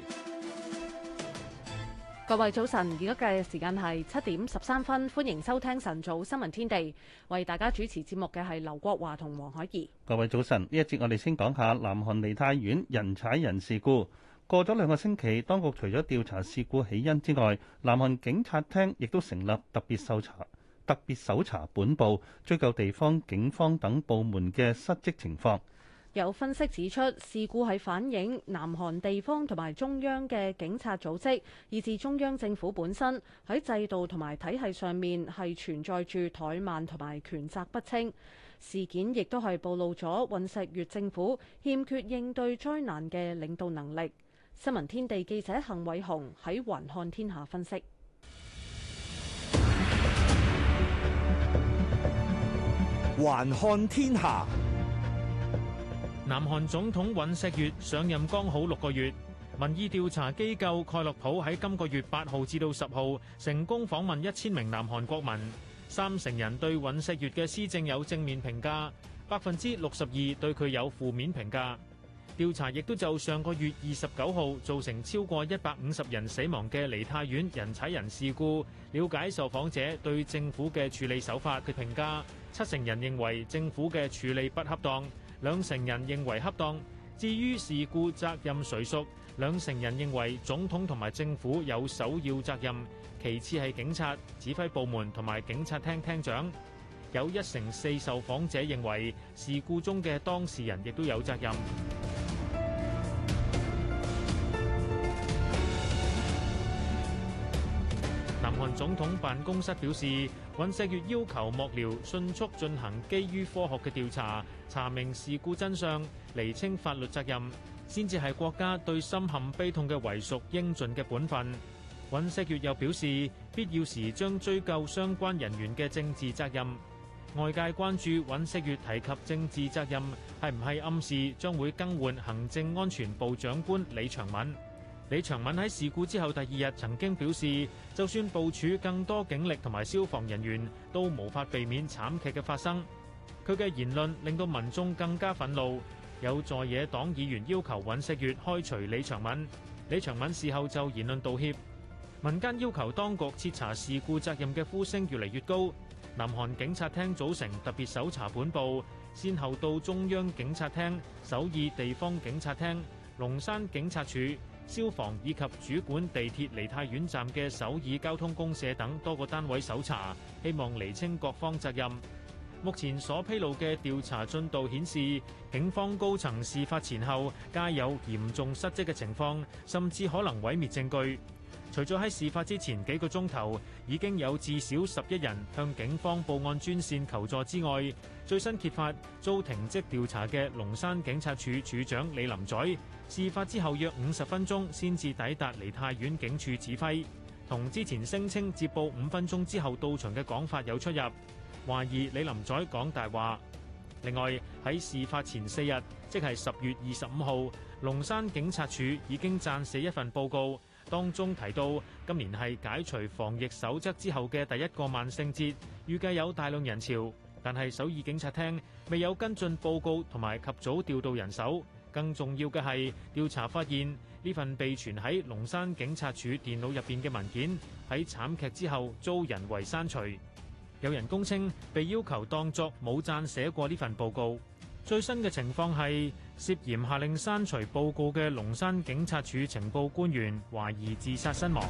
各位早晨，而家嘅時間係七點十三分，歡迎收聽晨早新聞天地。為大家主持節目嘅係劉國華同黃海怡。各位早晨，呢一節我哋先講下南韓梨泰院人踩人事故。過咗兩個星期，當局除咗調查事故起因之外，南韓警察廳亦都成立特別搜查，特別搜查本部，追究地方警方等部門嘅失職情況。有分析指出，事故係反映南韓地方同埋中央嘅警察組織，以至中央政府本身喺制度同埋體系上面係存在住怠慢同埋權責不清。事件亦都係暴露咗尹錫悦政府欠缺應對災難嘅領導能力。新聞天地記者幸偉雄喺《還看天下》分析。還看天下。南韓總統尹錫悅上任剛好六個月，民意調查機構蓋洛普喺今個月八號至到十號成功訪問一千名南韓國民，三成人對尹錫悅嘅施政有正面評價，百分之六十二對佢有負面評價。調查亦都就上個月二十九號造成超過一百五十人死亡嘅梨泰院人踩人事故，了解受訪者對政府嘅處理手法嘅評價，七成人認為政府嘅處理不恰當。兩成人認為恰當。至於事故責任誰屬，兩成人認為總統同埋政府有首要責任，其次係警察、指揮部門同埋警察廳廳長。有一成四受訪者認為事故中嘅當事人亦都有責任。總統辦公室表示，尹錫悦要求幕僚迅速進行基於科學嘅調查，查明事故真相，釐清法律責任，先至係國家對深陷悲痛嘅遺屬應盡嘅本分。尹錫悦又表示，必要時將追究相關人員嘅政治責任。外界關注尹錫悦提及政治責任係唔係暗示將會更換行政安全部長官李長敏。李祥敏喺事故之後第二日曾經表示，就算部署更多警力同埋消防人員，都無法避免慘劇嘅發生。佢嘅言論令到民眾更加憤怒，有在野黨議員要求尹錫悅開除李祥敏。李祥敏事後就言論道歉。民間要求當局徹查事故責任嘅呼聲越嚟越高。南韓警察廳組成特別搜查本部，先後到中央警察廳、首爾地方警察廳、龍山警察署。消防以及主管地鐵梨泰院站嘅首爾交通公社等多個單位搜查，希望厘清各方責任。目前所披露嘅調查進度顯示，警方高層事發前後皆有嚴重失職嘅情況，甚至可能毀滅證據。除咗喺事發之前幾個鐘頭已經有至少十一人向警方報案專線求助之外，最新揭發遭停職調查嘅龍山警察署署長李林宰，事發之後約五十分鐘先至抵達梨泰院警署指揮，同之前聲稱接報五分鐘之後到場嘅講法有出入。懷疑李林宰講大話。另外喺事發前四日，即係十月二十五號，龍山警察署已經撰寫一份報告，當中提到今年係解除防疫守則之後嘅第一個萬聖節，預計有大量人潮，但係首爾警察廳未有跟進報告同埋及早調度人手。更重要嘅係調查發現，呢份被存喺龍山警察署電腦入邊嘅文件喺慘劇之後遭人為刪除，有人供稱，被要求當作冇讚寫過呢份報告。最新嘅情況，係涉嫌下令刪除報告嘅龍山警察署情報官員懷疑自殺身亡。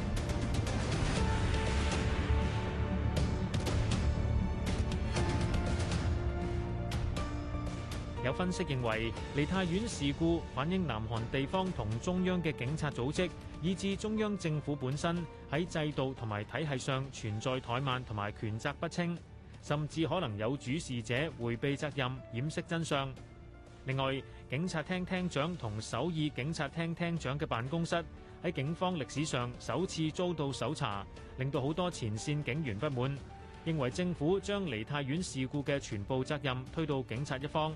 有分析認為，梨泰院事故反映南韓地方同中央嘅警察組織，以致中央政府本身喺制度同埋體系上存在怠慢同埋權責不清，甚至可能有主事者迴避責任、掩飾真相。另外，警察廳廳長同首爾警察廳廳長嘅辦公室喺警方歷史上首次遭到搜查，令到好多前線警員不滿，認為政府將梨泰院事故嘅全部責任推到警察一方。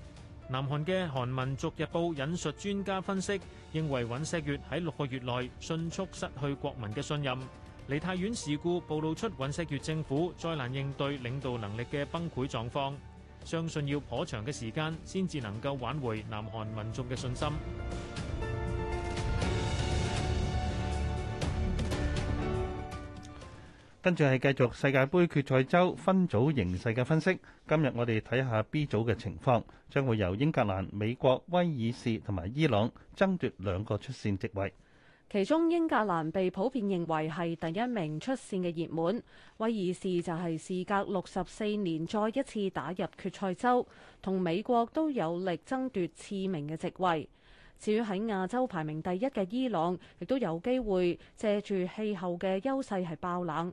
南韓嘅韓民族日報引述專家分析，認為尹錫悅喺六個月內迅速失去國民嘅信任。梨泰院事故暴露出尹錫悅政府再難應對領導能力嘅崩潰狀況，相信要頗長嘅時間先至能夠挽回南韓民眾嘅信心。跟住係繼續世界盃決賽周分組形勢嘅分析。今日我哋睇下 B 組嘅情況，將會由英格蘭、美國、威爾士同埋伊朗爭奪兩個出線席位。其中英格蘭被普遍認為係第一名出線嘅熱門，威爾士就係時隔六十四年再一次打入決賽周，同美國都有力爭奪次名嘅席位。至於喺亞洲排名第一嘅伊朗，亦都有機會借住氣候嘅優勢，係爆冷。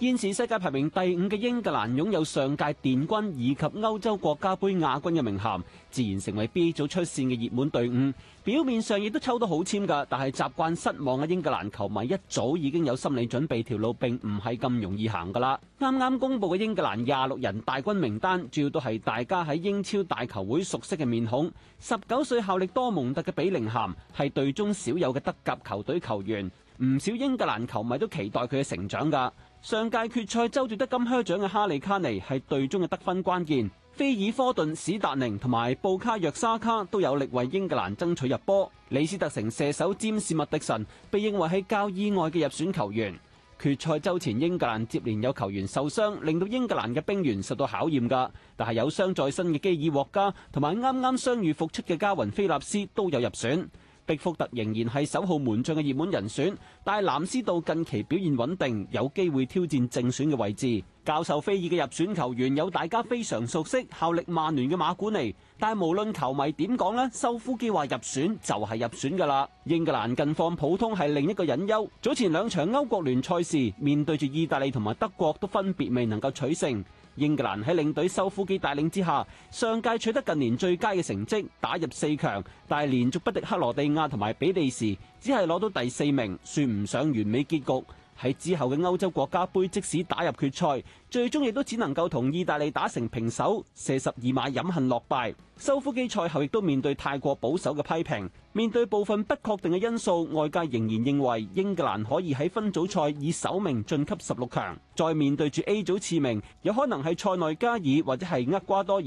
現時世界排名第五嘅英格蘭擁有上屆殿軍以及歐洲國家杯亞軍嘅名銜，自然成為 B 組出線嘅熱門隊伍。表面上亦都抽得好簽噶，但係習慣失望嘅英格蘭球迷一早已經有心理準備條，條路並唔係咁容易行噶啦。啱啱公布嘅英格蘭廿六人大軍名單，主要都係大家喺英超大球會熟悉嘅面孔。十九歲效力多蒙特嘅比寧涵係隊中少有嘅德甲球隊球員，唔少英格蘭球迷都期待佢嘅成長噶。上屆決賽周奪得金靴獎嘅哈利卡尼係隊中嘅得分關鍵，菲爾科頓、史達寧同埋布卡約沙卡都有力為英格蘭爭取入波。李斯特城射手詹士麥迪臣被認為係較意外嘅入選球員。決賽周前英格蘭接連有球員受傷，令到英格蘭嘅兵員受到考驗噶。但係有傷在身嘅基爾獲加同埋啱啱傷愈復出嘅加雲菲納斯都有入選。畢福特仍然係首號門將嘅熱門人選，但係藍斯道近期表現穩定，有機會挑戰正選嘅位置。教授菲爾嘅入選球員有大家非常熟悉、效力曼聯嘅馬古尼，但係無論球迷點講呢，修夫基話入選就係入選噶啦。英格蘭近況普通係另一個隱憂，早前兩場歐國聯賽事面對住意大利同埋德國都分別未能夠取勝。英格蘭喺領隊修夫基帶領之下，上屆取得近年最佳嘅成績，打入四強，但係連續不敵克羅地亞同埋比利時，只係攞到第四名，算唔上完美結局。喺之後嘅歐洲國家杯，即使打入決賽，最終亦都只能夠同意大利打成平手，射十二碼飲恨落敗。修夫基賽後亦都面對太過保守嘅批評。面對部分不確定嘅因素，外界仍然認為英格蘭可以喺分組賽以首名晉級十六強。再面對住 A 組次名，有可能係塞內加爾或者係厄瓜多爾，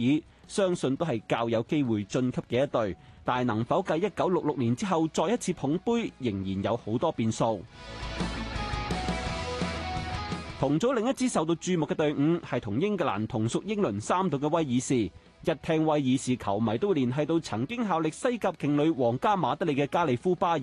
相信都係較有機會晉級嘅一隊。但係能否繼一九六六年之後再一次捧杯，仍然有好多變數。同組另一支受到注目嘅隊伍係同英格蘭同屬英倫三島嘅威爾士。一聽威爾士球迷都會聯繫到曾經效力西甲勁旅皇家馬德里嘅加利夫巴爾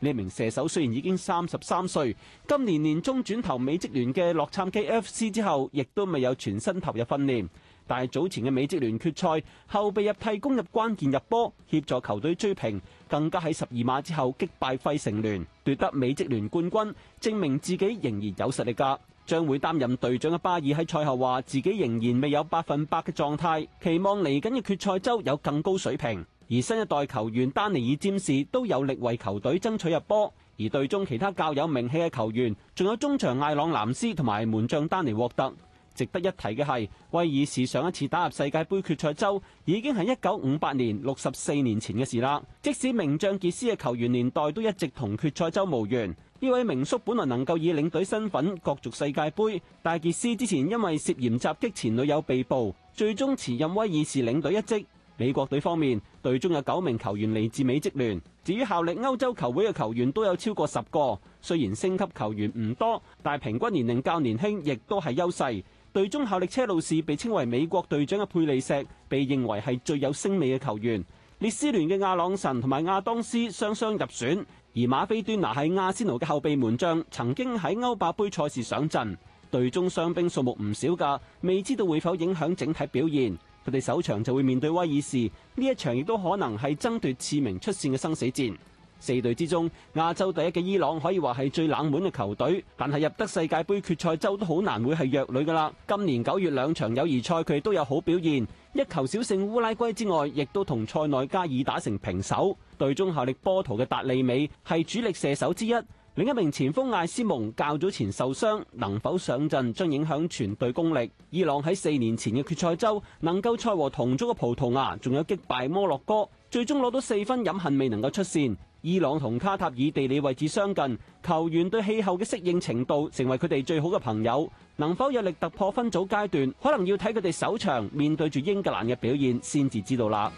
呢名射手，雖然已經三十三歲，今年年中轉投美職聯嘅洛杉磯 FC 之後，亦都未有全身投入訓練，但係早前嘅美職聯決賽後備入替攻入關鍵入波，協助球隊追平，更加喺十二碼之後擊敗費城聯，奪得美職聯冠軍，證明自己仍然有實力噶。將會擔任隊長嘅巴爾喺賽後話，自己仍然未有百分百嘅狀態，期望嚟緊嘅決賽周有更高水平。而新一代球員丹尼爾占士都有力為球隊爭取入波。而隊中其他較有名氣嘅球員，仲有中場艾朗藍斯同埋門將丹尼沃特。值得一提嘅係，威爾士上一次打入世界杯決賽周，已經係一九五八年六十四年前嘅事啦。即使名將傑斯嘅球員年代，都一直同決賽周無緣。呢位名宿本來能夠以領隊身份角逐世界杯，大傑斯之前因為涉嫌襲擊前女友被捕，最終辭任威爾士領隊一職。美國隊方面，隊中有九名球員嚟自美職聯，至於效力歐洲球會嘅球員都有超過十個。雖然升級球員唔多，但平均年齡較年輕，輕，亦都係優勢。隊中效力車路士，被稱為美國隊長嘅佩利石，被認為係最有聲味嘅球員。列斯聯嘅亞朗臣同埋亞當斯雙雙入選。而馬菲端拿喺阿仙奴嘅後備門將，曾經喺歐霸杯賽事上陣，隊中傷兵數目唔少㗎，未知道會否影響整體表現。佢哋首場就會面對威爾士，呢一場亦都可能係爭奪次名出線嘅生死戰。四隊之中，亞洲第一嘅伊朗可以話係最冷門嘅球隊，但係入得世界杯決賽周都好難會係弱女噶啦。今年九月兩場友誼賽，佢哋都有好表現，一球小勝烏拉圭之外，亦都同塞內加爾打成平手。隊中效力波圖嘅達利美係主力射手之一，另一名前鋒艾斯蒙較早前受傷，能否上陣將影響全隊功力。伊朗喺四年前嘅決賽周，能夠賽和同組嘅葡萄牙，仲有擊敗摩洛哥，最終攞到四分飲恨，未能夠出線。伊朗同卡塔爾地理位置相近，球員對氣候嘅適應程度成為佢哋最好嘅朋友。能否有力突破分組階段，可能要睇佢哋首場面對住英格蘭嘅表現先至知道啦。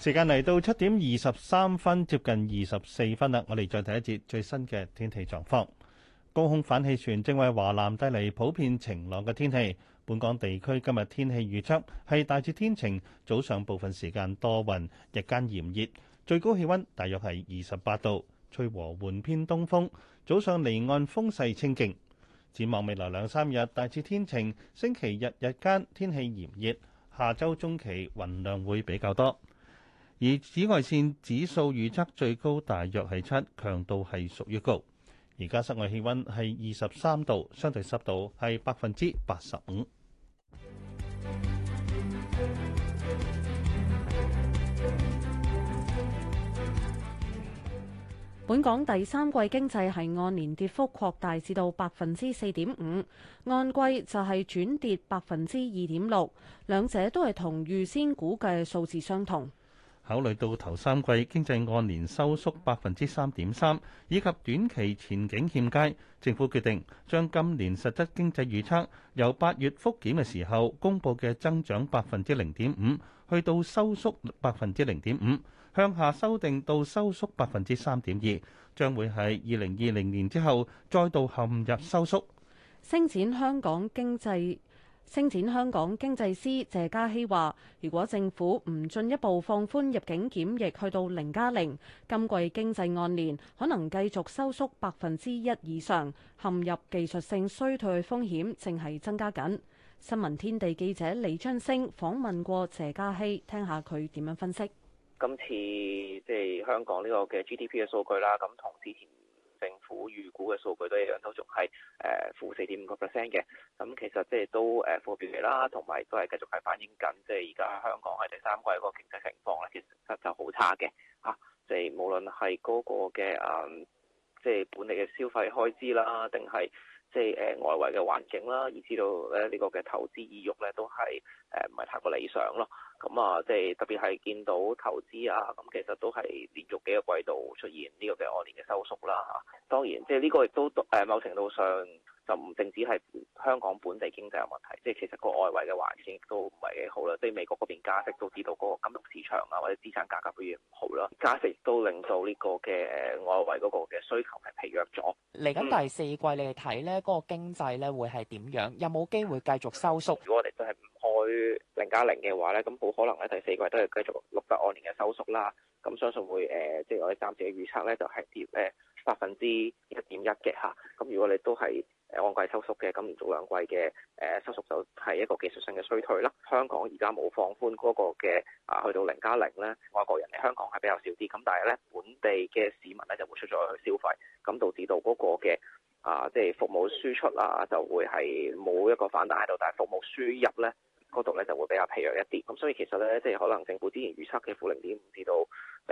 時間嚟到七點二十三分，接近二十四分啦。我哋再睇一節最新嘅天氣狀況。高空反氣旋正為華南帶嚟普遍晴朗嘅天氣。本港地區今日天氣預測，係大致天晴，早上部分時間多雲，日間炎熱，最高氣溫大約係二十八度，吹和緩偏東風，早上離岸風勢清勁，展望未來兩三日大致天晴，星期日日間天氣炎熱，下周中期雲量會比較多。而紫外線指數預測最高大約係七，強度係屬於高。而家室外氣溫係二十三度，相對濕度係百分之八十五。本港第三季經濟係按年跌幅擴大至到百分之四點五，按季就係轉跌百分之二點六，兩者都係同預先估計數字相同。考慮到頭三季經濟按年收縮百分之三點三，以及短期前景欠佳，政府決定將今年實質經濟預測由八月複檢嘅時候公布嘅增長百分之零點五，去到收縮百分之零點五。向下修訂到收縮百分之三點二，將會喺二零二零年之後再度陷入收縮。星展香港經濟，星展香港經濟師謝家熙話，如果政府唔進一步放寬入境檢疫，去到零加零，0, 今季經濟按年可能繼續收縮百分之一以上，陷入技術性衰退風險，正係增加緊。新聞天地記者李津升訪問過謝家熙，聽下佢點樣分析。今次即係香港呢個嘅 GDP 嘅數據啦，咁同之前政府預估嘅數據都一樣，都仲係誒負四點五個 percent 嘅。咁、呃、其實即係都誒負面嚟啦，同、呃、埋都係、呃、繼續係反映緊，即係而家香港喺第三季個經濟情況咧，其實、啊、就好差嘅嚇。即係無論係嗰個嘅誒，即、嗯、係、就是、本地嘅消費開支啦，定係。即係誒、呃、外圍嘅環境啦，以致到咧呢、這個嘅投資意欲咧都係誒唔係太過理想咯。咁、呃、啊，即係特別係見到投資啊，咁其實都係連續幾個季度出現呢個嘅按年嘅收縮啦、啊。當然，即係呢個亦都誒、呃、某程度上。就唔淨止係香港本地經濟有問題，即係其實個外圍嘅環境亦都唔係幾好啦。即係美國嗰邊加息都知道嗰個金融市場啊或者資產價格表現唔好啦，加息亦都令到呢個嘅外圍嗰個嘅需求係疲弱咗。嚟緊第四季你哋睇咧，嗰個經濟咧會係點樣？有冇機會繼續收縮？如果我哋真係唔開零加零嘅話咧，咁好可能咧第四季都係繼續錄得按年嘅收縮啦。咁相信會誒、呃，即係我哋暫時嘅預測咧，就係跌誒百分之一點一嘅嚇。咁如果你都係。誒按季收縮嘅，今年早兩季嘅誒收縮就係一個技術性嘅衰退啦。香港而家冇放寬嗰個嘅啊，去到零加零咧，外國人嚟香港係比較少啲，咁但係咧本地嘅市民咧就會出咗去消費，咁導致到嗰個嘅啊，即係服務輸出啊就會係冇一個反彈喺度，但係服務輸入咧。嗰度咧就會比較疲弱一啲，咁所以其實咧，即係可能政府之前預測嘅負零點五至到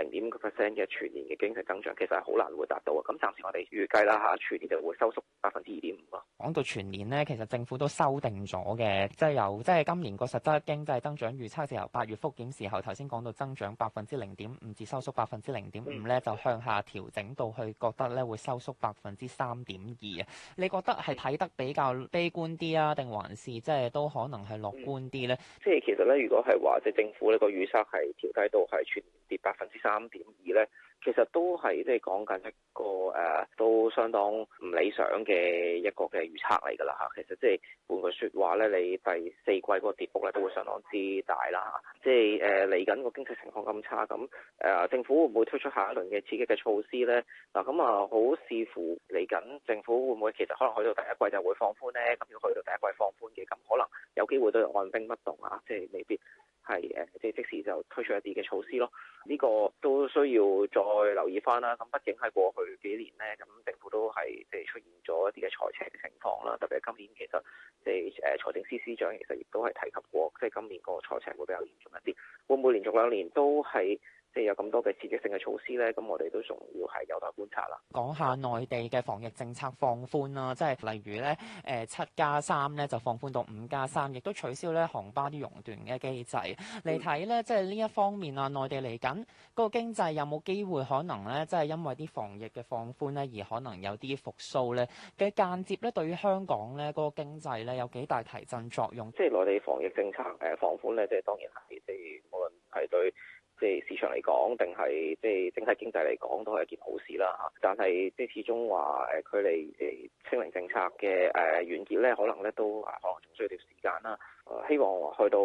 零點五個 percent 嘅全年嘅經濟增長，其實係好難會達到啊。咁暫時我哋預計啦嚇，全年就會收縮百分之二點五啊。講到全年咧，其實政府都修訂咗嘅，即係由即係今年個實質經濟增長預測，就由八月復檢時候頭先講到增長百分之零點五至收縮百分之零點五咧，就向下調整到去覺得咧會收縮百分之三點二啊。你覺得係睇得比較悲觀啲啊，定還是即係都可能係樂觀？啲咧，即係其實咧，如果係話即係政府呢個預測係調低到係全年跌百分之三點二咧。其實都係即係講緊一個誒、呃，都相當唔理想嘅一個嘅預測嚟㗎啦嚇。其實即係換句説話咧，你第四季嗰個跌幅咧都會相當之大啦。即係誒嚟緊個經濟情況咁差，咁誒、呃、政府會唔會推出下一輪嘅刺激嘅措施咧？嗱咁啊、呃，好視乎嚟緊政府會唔會其實可能去到第一季就會放寬咧。咁如果去到第一季放寬嘅，咁可能有機會都按兵不動啊，即、就、係、是、未必。係誒，即係即時就推出一啲嘅措施咯。呢個都需要再留意翻啦。咁畢竟係過去幾年呢，咁政府都係即係出現咗一啲嘅財赤嘅情況啦。特別係今年，其實即係誒財政司司長其實亦都係提及過，即係今年個財赤會比較嚴重一啲。會唔會連續兩年都係。即係有咁多嘅刺激性嘅措施咧，咁我哋都仲要係有待觀察啦。講下內地嘅防疫政策放寬啦，即係例如咧，誒七加三咧就放寬到五加三，亦都取消咧航班啲熔斷嘅機制。嚟睇咧，即係呢一方面啊，內地嚟緊嗰個經濟有冇機會可能咧，即係因為啲防疫嘅放寬咧，而可能有啲復甦咧嘅間接咧，對於香港咧嗰個經濟咧有幾大提振作用？即係內地防疫政策誒放寬咧，即係當然係即係無論係對。即係市場嚟講，定係即係整體經濟嚟講，都係一件好事啦。嚇，但係即係始終話誒，佢哋誒清零政策嘅誒、呃、完結咧，可能咧都啊，可能仲需要啲時間啦、呃。希望去到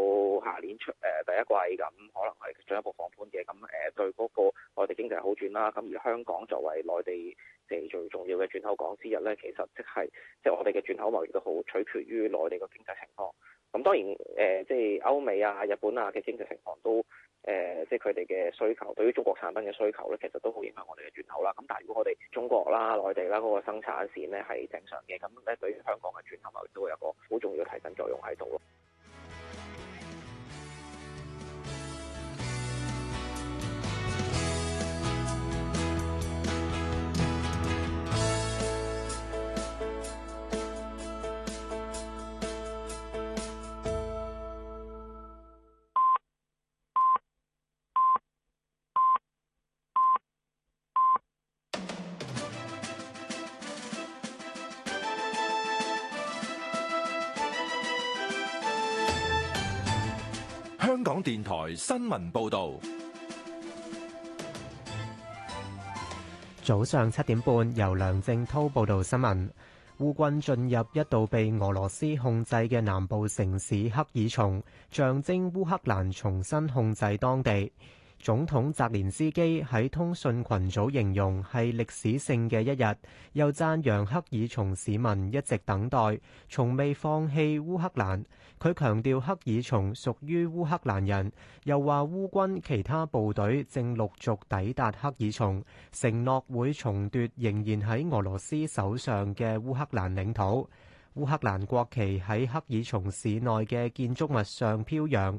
下年出誒、呃、第一季咁，可能係進一步放寬嘅咁誒，對嗰個內地經濟好轉啦。咁、嗯、而香港作為內地誒最重要嘅轉口港之一咧，其實、就是、即係即係我哋嘅轉口貿易都好取決於內地嘅經濟情況。咁、嗯、當然誒、呃，即係歐美啊、日本啊嘅經濟情況都。誒、呃，即係佢哋嘅需求，對於中國產品嘅需求咧，其實都好影響我哋嘅轉口啦。咁但係如果我哋中國啦、內地啦嗰、那個生產線咧係正常嘅，咁咧對於香港嘅轉口啊，亦都會有個好重要嘅提振作用喺度咯。新聞報道，早上七點半，由梁正濤報道新聞。烏軍進入一度被俄羅斯控制嘅南部城市赫爾松，象徵烏克蘭重新控制當地。總統澤連斯基喺通訊群組形容係歷史性嘅一日，又讚揚克爾松市民一直等待，從未放棄烏克蘭。佢強調克爾松屬於烏克蘭人，又話烏軍其他部隊正陸續抵達克爾松，承諾會重奪仍然喺俄羅斯手上嘅烏克蘭領土。烏克蘭國旗喺克爾松市內嘅建築物上飄揚。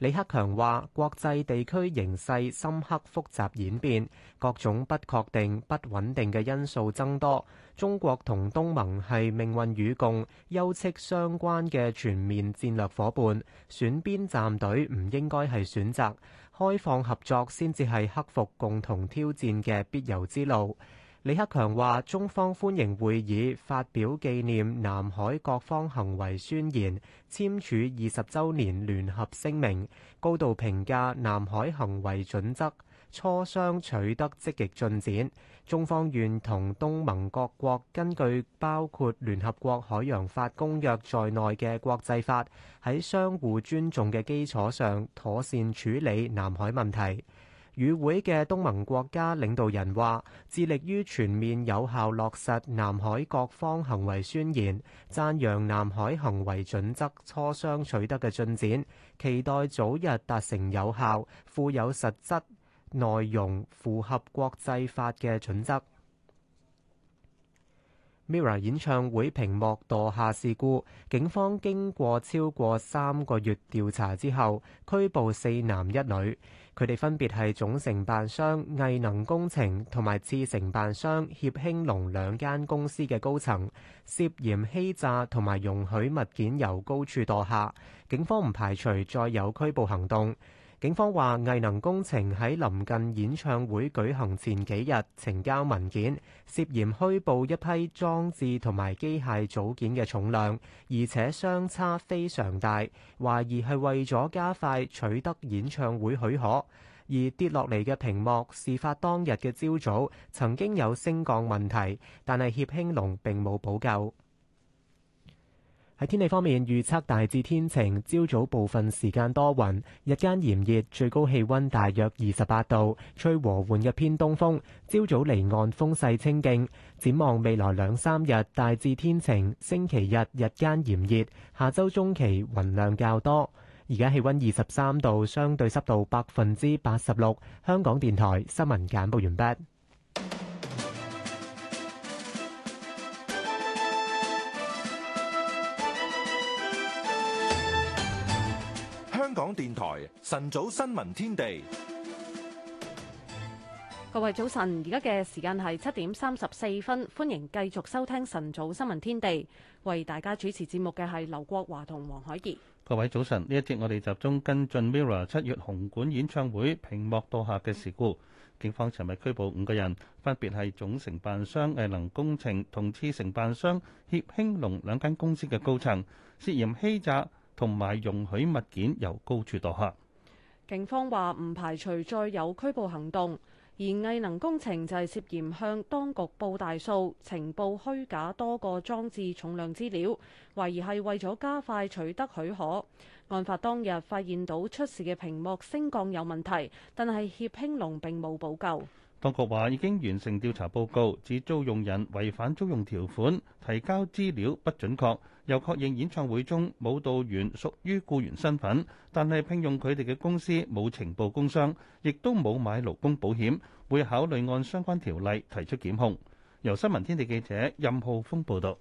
李克強話：國際地區形勢深刻複雜演變，各種不確定、不穩定嘅因素增多。中國同東盟係命運與共、休戚相關嘅全面戰略伙伴，選邊站隊唔應該係選擇，開放合作先至係克服共同挑戰嘅必由之路。李克強話：中方歡迎會議發表紀念南海各方行為宣言、簽署二十周年聯合聲明，高度評價南海行為準則，磋商取得積極進展。中方願同東盟各國根據包括聯合國海洋法公約在內嘅國際法，喺相互尊重嘅基礎上，妥善處理南海問題。與會嘅東盟國家領導人話：致力於全面有效落實南海各方行為宣言，讚揚南海行為準則磋商取得嘅進展，期待早日達成有效、富有實質內容、符合國際法嘅準則。Mira 演唱會屏幕墮下事故，警方經過超過三個月調查之後，拘捕四男一女。佢哋分別係總承辦商藝能工程同埋次承辦商協興隆兩間公司嘅高層，涉嫌欺詐同埋容許物件由高處墮下，警方唔排除再有拘捕行動。警方話，藝能工程喺臨近演唱會舉行前幾日呈交文件，涉嫌虛報一批裝置同埋機械組件嘅重量，而且相差非常大，懷疑係為咗加快取得演唱會許可。而跌落嚟嘅屏幕，事發當日嘅朝早曾經有升降問題，但係協興隆並冇補救。喺天氣方面預測大致天晴，朝早部分時間多雲，日間炎熱，最高氣溫大約二十八度，吹和緩嘅偏東風。朝早離岸風勢清勁。展望未來兩三日大致天晴，星期日日間炎熱，下周中期雲量較多。而家氣溫二十三度，相對濕度百分之八十六。香港電台新聞簡報完畢。港電台晨早新聞天地。各位早晨，而家嘅時間係七點三十四分，歡迎繼續收聽晨早新聞天地。為大家主持節目嘅係劉國華同黃海傑。各位早晨，呢一節我哋集中跟進 Mirror 七月紅館演唱會屏幕倒下嘅事故，警方尋日拘捕五個人，分別係總承辦商藝能工程同次承辦商協興隆兩間公司嘅高層，涉嫌欺詐。同埋容許物件由高處墮下。警方話唔排除再有拘捕行動，而藝能工程就係涉嫌向當局報大數、呈報虛假、多個裝置重量資料，懷疑係為咗加快取得許可。案發當日發現到出事嘅屏幕升降有問題，但係協興隆並冇補救。當局話已經完成調查報告，指租用人違反租用條款，提交資料不準確，又確認演唱會中舞蹈員屬於僱員身份，但係聘用佢哋嘅公司冇呈報工傷，亦都冇買勞工保險，會考慮按相關條例提出檢控。由新聞天地記者任浩峰報道。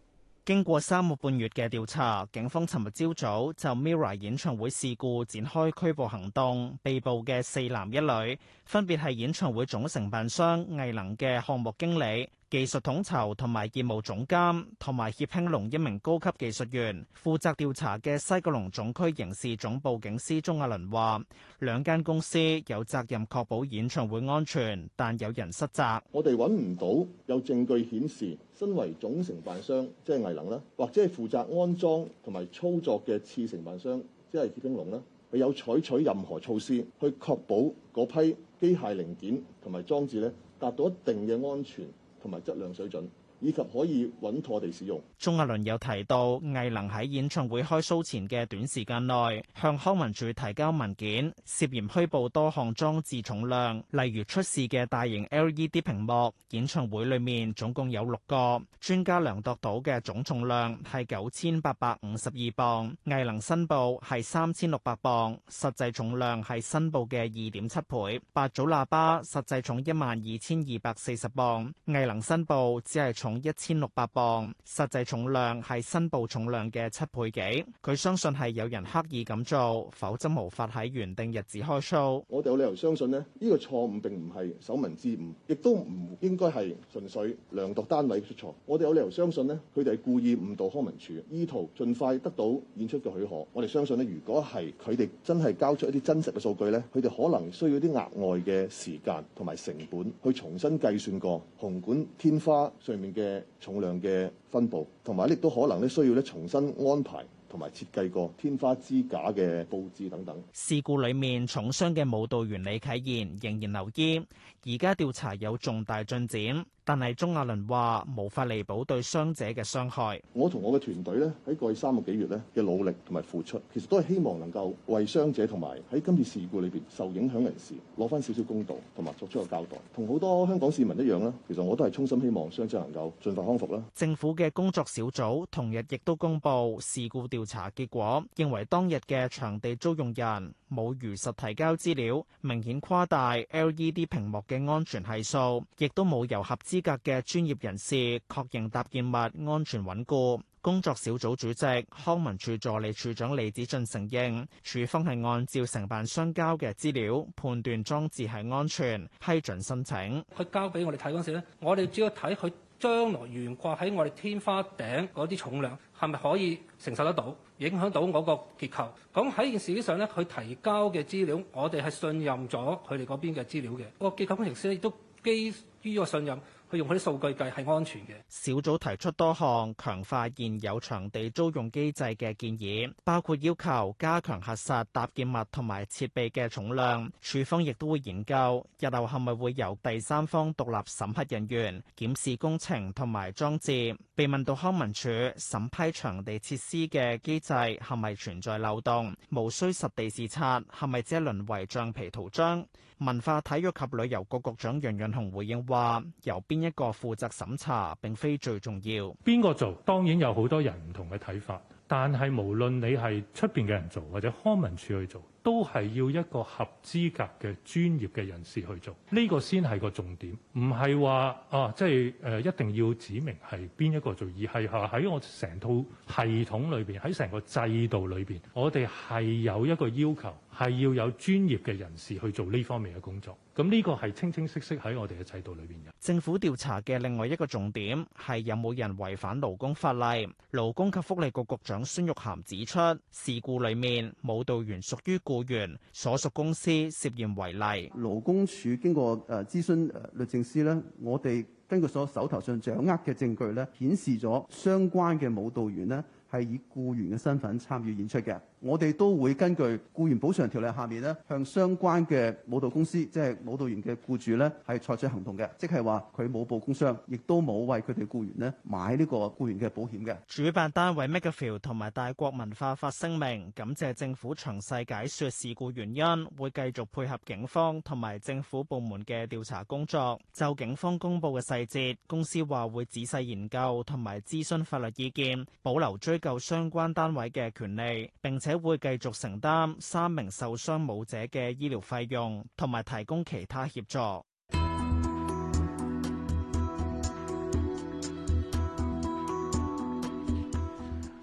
經過三個半月嘅調查，警方尋日朝早就 MIRROR 演唱會事故展開拘捕行動，被捕嘅四男一女分別係演唱會總承辦商藝能嘅項目經理，技術統籌同埋業務總監同埋協興龍一名高級技術員，負責調查嘅西九龍總區刑事總部警司鐘亞倫話：兩間公司有責任確保演唱會安全，但有人失責。我哋揾唔到有證據顯示，身為總承辦商即係藝能啦，或者係負責安裝同埋操作嘅次承辦商即係協興龍啦，佢有採取任何措施去確保嗰批機械零件同埋裝置咧達到一定嘅安全同埋質量水準。以及可以穩妥地使用。鐘亞倫又提到，藝能喺演唱會開 show 前嘅短時間內向康文署提交文件，涉嫌虛報多項裝置重量，例如出事嘅大型 LED 屏幕。演唱會裏面總共有六個，專家量度到嘅總重量係九千八百五十二磅，藝能申報係三千六百磅，實際重量係申報嘅二點七倍。八組喇叭實際重一萬二千二百四十磅，藝能申報只係重。一千六百磅，實際重量係申報重量嘅七倍幾。佢相信係有人刻意咁做，否則無法喺原定日子開 show。我哋有理由相信呢，呢個錯誤並唔係手文之誤，亦都唔應該係純粹量度單位出錯。我哋有理由相信呢，佢哋係故意誤導康文署，意圖盡快得到演出嘅許可。我哋相信呢，如果係佢哋真係交出一啲真實嘅數據，呢佢哋可能需要啲額外嘅時間同埋成本去重新計算過紅館天花上面嘅重量嘅分布，同埋亦都可能咧需要咧重新安排同埋設計個天花支架嘅布置等等。事故裏面重傷嘅舞蹈員李啟言仍然留醫，而家調查有重大進展。但係鍾亞倫話，無法彌補對傷者嘅傷害。我同我嘅團隊咧，喺過去三個幾月咧嘅努力同埋付出，其實都係希望能夠為傷者同埋喺今次事故裏邊受影響人士攞翻少少公道，同埋作出個交代。同好多香港市民一樣啦，其實我都係衷心希望傷者能夠盡快康復啦。政府嘅工作小組同日亦都公布事故調查結果，認為當日嘅場地租用人冇如實提交資料，明顯誇大 LED 屏幕嘅安全係數，亦都冇由合資。資格嘅專業人士確認搭建物安全穩固。工作小組主席康文署助理署長李子俊承認，處方係按照承辦商交嘅資料判斷裝置係安全，批准申請。佢交俾我哋睇嗰時咧，我哋只要睇佢將來懸掛喺我哋天花頂嗰啲重量係咪可以承受得到，影響到我個結構。咁喺件事上咧，佢提交嘅資料，我哋係信任咗佢哋嗰邊嘅資料嘅。個結構工程師亦都基於個信任。佢用嗰啲數據計係安全嘅。小組提出多項強化現有場地租用機制嘅建議，包括要求加強核實搭建物同埋設備嘅重量。署方亦都會研究日後係咪會由第三方獨立審核人員檢視工程同埋裝置。被問到康文署審批場地設施嘅機制係咪存在漏洞，無需實地視察係咪只係淪為橡皮圖章？文化體育及旅遊局局長楊潤雄回應話：由邊一個負責審查，並非最重要。邊個做？當然有好多人唔同嘅睇法，但係無論你係出邊嘅人做，或者康文署去做，都係要一個合資格嘅專業嘅人士去做，呢個先係個重點。唔係話啊，即係誒，一定要指明係邊一個做，而係吓，喺我成套系統裏邊，喺成個制度裏邊，我哋係有一個要求。係要有專業嘅人士去做呢方面嘅工作，咁呢個係清清晰晰喺我哋嘅制度裏邊嘅。政府調查嘅另外一個重點係有冇人違反勞工法例。勞工及福利局局，局長孫玉菡指出，事故裏面舞蹈員屬於雇員，所屬公司涉嫌違例。勞工處經過誒諮詢律政司，呢我哋根據所手頭上掌握嘅證據呢顯示咗相關嘅舞蹈員呢係以雇員嘅身份參與演出嘅。我哋都會根據雇員補償條例下面咧，向相關嘅舞蹈公司，即係舞蹈員嘅僱主咧，係採取行動嘅，即係話佢冇報工傷，亦都冇為佢哋僱員咧買呢個僱員嘅保險嘅。主辦單位 MakerVille 同埋大國文化發聲明，感謝政府詳細解説事故原因，會繼續配合警方同埋政府部門嘅調查工作。就警方公佈嘅細節，公司話會仔細研究同埋諮詢法律意見，保留追究相關單位嘅權利。並且且會繼續承擔三名受傷舞者嘅醫療費用，同埋提供其他協助。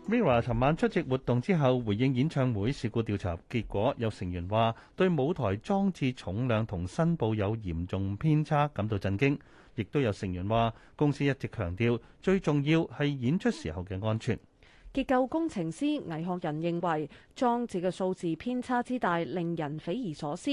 MIRROR 琴晚出席活動之後，回應演唱會事故調查結果，有成員話對舞台裝置重量同申報有嚴重偏差感到震驚，亦都有成員話公司一直強調最重要係演出時候嘅安全。結構工程師魏學仁認為裝置嘅數字偏差之大令人匪夷所思，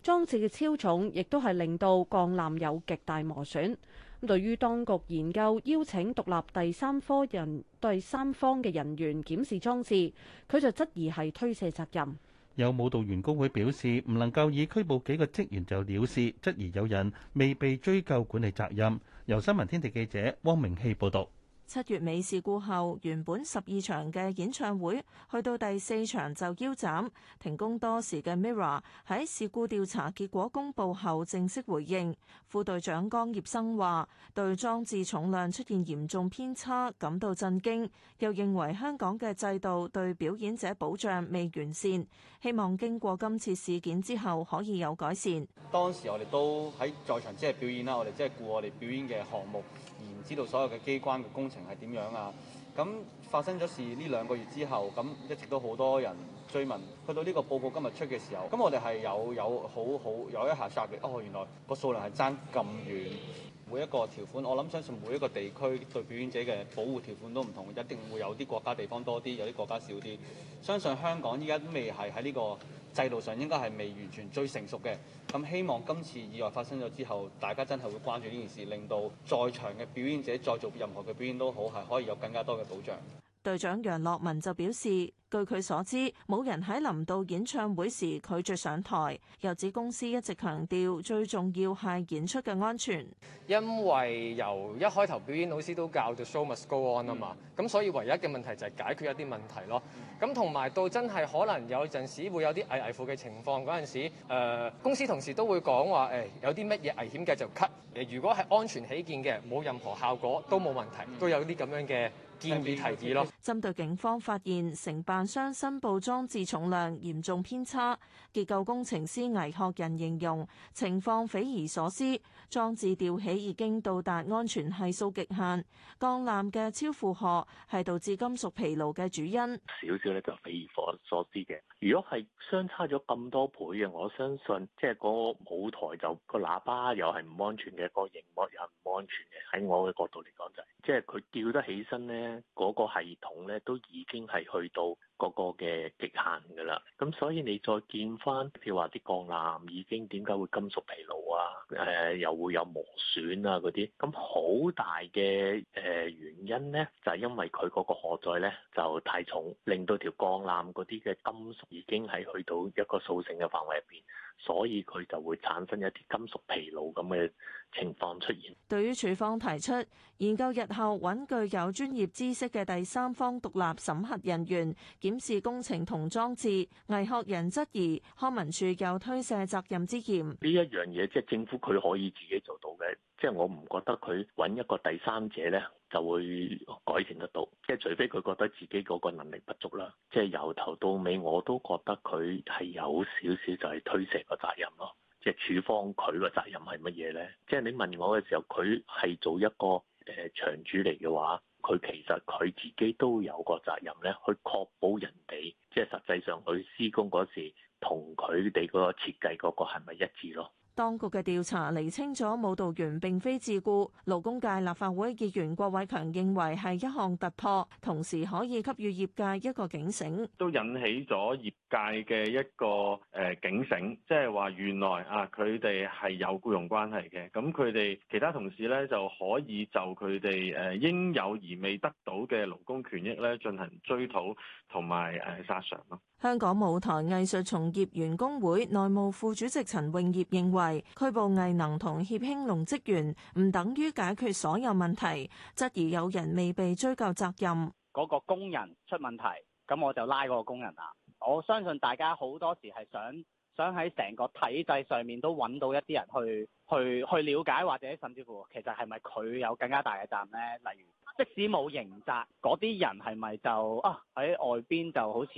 裝置嘅超重亦都係令到鋼纜有極大磨損。咁對於當局研究邀請獨立第三科人第三方嘅人員檢視裝置，佢就質疑係推卸責任。有舞蹈員工會表示唔能夠以拘捕幾個職員就了事，質疑有人未被追究管理責任。由新聞天地記者汪明希報道。七月尾事故後，原本十二場嘅演唱會，去到第四場就腰斬。停工多時嘅 MIRROR 喺事故調查結果公佈後正式回應。副隊長江 𤒹 生話：對裝置重量出現嚴重偏差感到震驚，又認為香港嘅制度對表演者保障未完善。希望經過今次事件之後可以有改善。當時我哋都喺在，在場，即係表演啦。我哋即係顧我哋表演嘅項目，而唔知道所有嘅機關嘅工程係點樣啊。咁發生咗事呢兩個月之後，咁一直都好多人追問。去到呢個報告今日出嘅時候，咁我哋係有有好好有一下嘅發現。哦，原來個數量係差咁遠。每一個條款，我諗相信每一個地區對表演者嘅保護條款都唔同，一定會有啲國家地方多啲，有啲國家少啲。相信香港依家未係喺呢個制度上，應該係未完全最成熟嘅。咁希望今次意外發生咗之後，大家真係會關注呢件事，令到在場嘅表演者再做任何嘅表演都好，係可以有更加多嘅保障。隊長楊樂文就表示，據佢所知，冇人喺臨到演唱會時拒絕上台。又指公司一直強調，最重要係演出嘅安全。因為由一開頭表演老師都教到 show must go on 啊、嗯、嘛，咁所以唯一嘅問題就係解決一啲問題咯。咁同埋到真係可能有陣時會有啲危危乎嘅情況嗰陣時、呃，公司同事都會講話誒有啲乜嘢危險嘅就 cut，如果係安全起見嘅，冇任何效果都冇問題，都有啲咁樣嘅。針 對警方發現承辦商申報裝置重量嚴重偏差，結構工程師倪學仁形容情況匪夷所思，裝置吊起已經到達安全系數極限，鋼纜嘅超負荷係導致金屬疲勞嘅主因。少少咧就匪夷所思嘅。如果係相差咗咁多倍嘅，我相信即係個舞台就個喇叭又係唔安全嘅，個熒幕又係唔安全嘅。喺我嘅角度嚟講就係、是、即係佢吊得起身咧。嗰個系統咧都已經係去到嗰個嘅極限㗎啦，咁所以你再見返譬如話啲鋼纜已經點解會金屬疲勞啊？誒、呃、又會有磨損啊嗰啲，咁好大嘅誒、呃、原因咧就係、是、因為佢嗰個荷載咧就太重，令到條鋼纜嗰啲嘅金屬已經係去到一個塑性嘅範圍入邊。所以佢就會產生一啲金屬疲勞咁嘅情況出現。對於處方提出研究日後揾具有專業知識嘅第三方獨立審核人員檢視工程同裝置，藝學人質疑康文署有推卸責任之嫌。呢一樣嘢即係政府佢可以自己做到嘅，即係我唔覺得佢揾一個第三者呢，就會改善得到，即係除非佢覺得自己嗰個能力不足啦。即係由頭到尾，我都覺得佢係有少少就係推卸個責任咯。即係處方佢個責任係乜嘢呢？即係你問我嘅時候，佢係做一個誒場主嚟嘅話，佢其實佢自己都有個責任呢，去確保人哋，即係實際上佢施工嗰時同佢哋嗰個設計嗰個係咪一致咯？當局嘅調查釐清咗舞蹈員並非自雇，勞工界立法會議員郭偉強認為係一項突破，同時可以給予業界一個警醒，都引起咗業界嘅一個誒警醒，即係話原來啊佢哋係有僱傭關係嘅，咁佢哋其他同事咧就可以就佢哋誒應有而未得到嘅勞工權益咧進行追討同埋誒索償咯。香港舞台藝術從業員工會內務副主席陳永業認為，拘捕藝能同協興隆職員唔等於解決所有問題，質疑有人未被追究責任。嗰個工人出問題，咁我就拉嗰個工人啦。我相信大家好多時係想。想喺成個體制上面都揾到一啲人去去去了解，或者甚至乎其實係咪佢有更加大嘅責任咧？例如，即使冇刑責嗰啲人係咪就啊喺外邊就好似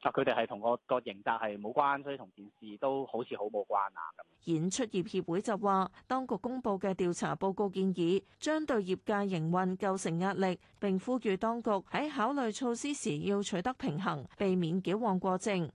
啊佢哋係同個個刑責係冇關，所以同件事都好似好冇關啊咁樣。演出業協會就話，當局公布嘅調查報告建議，將對業界營運構成壓力，並呼籲當局喺考慮措施時要取得平衡，避免矯枉過正。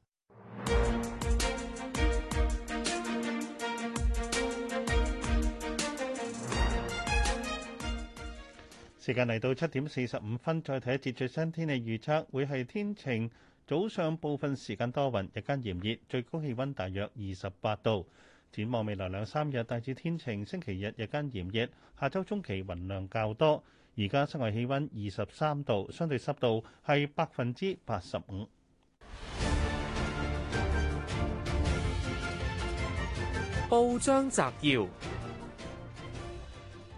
時間嚟到七點四十五分，再睇一節最新天氣預測，會係天晴，早上部分時間多雲，日間炎熱，最高氣溫大約二十八度。展望未來兩三日大致天晴，星期日日間炎熱，下週中期雲量較多。而家室外氣溫二十三度，相對濕度係百分之八十五。報章摘要，《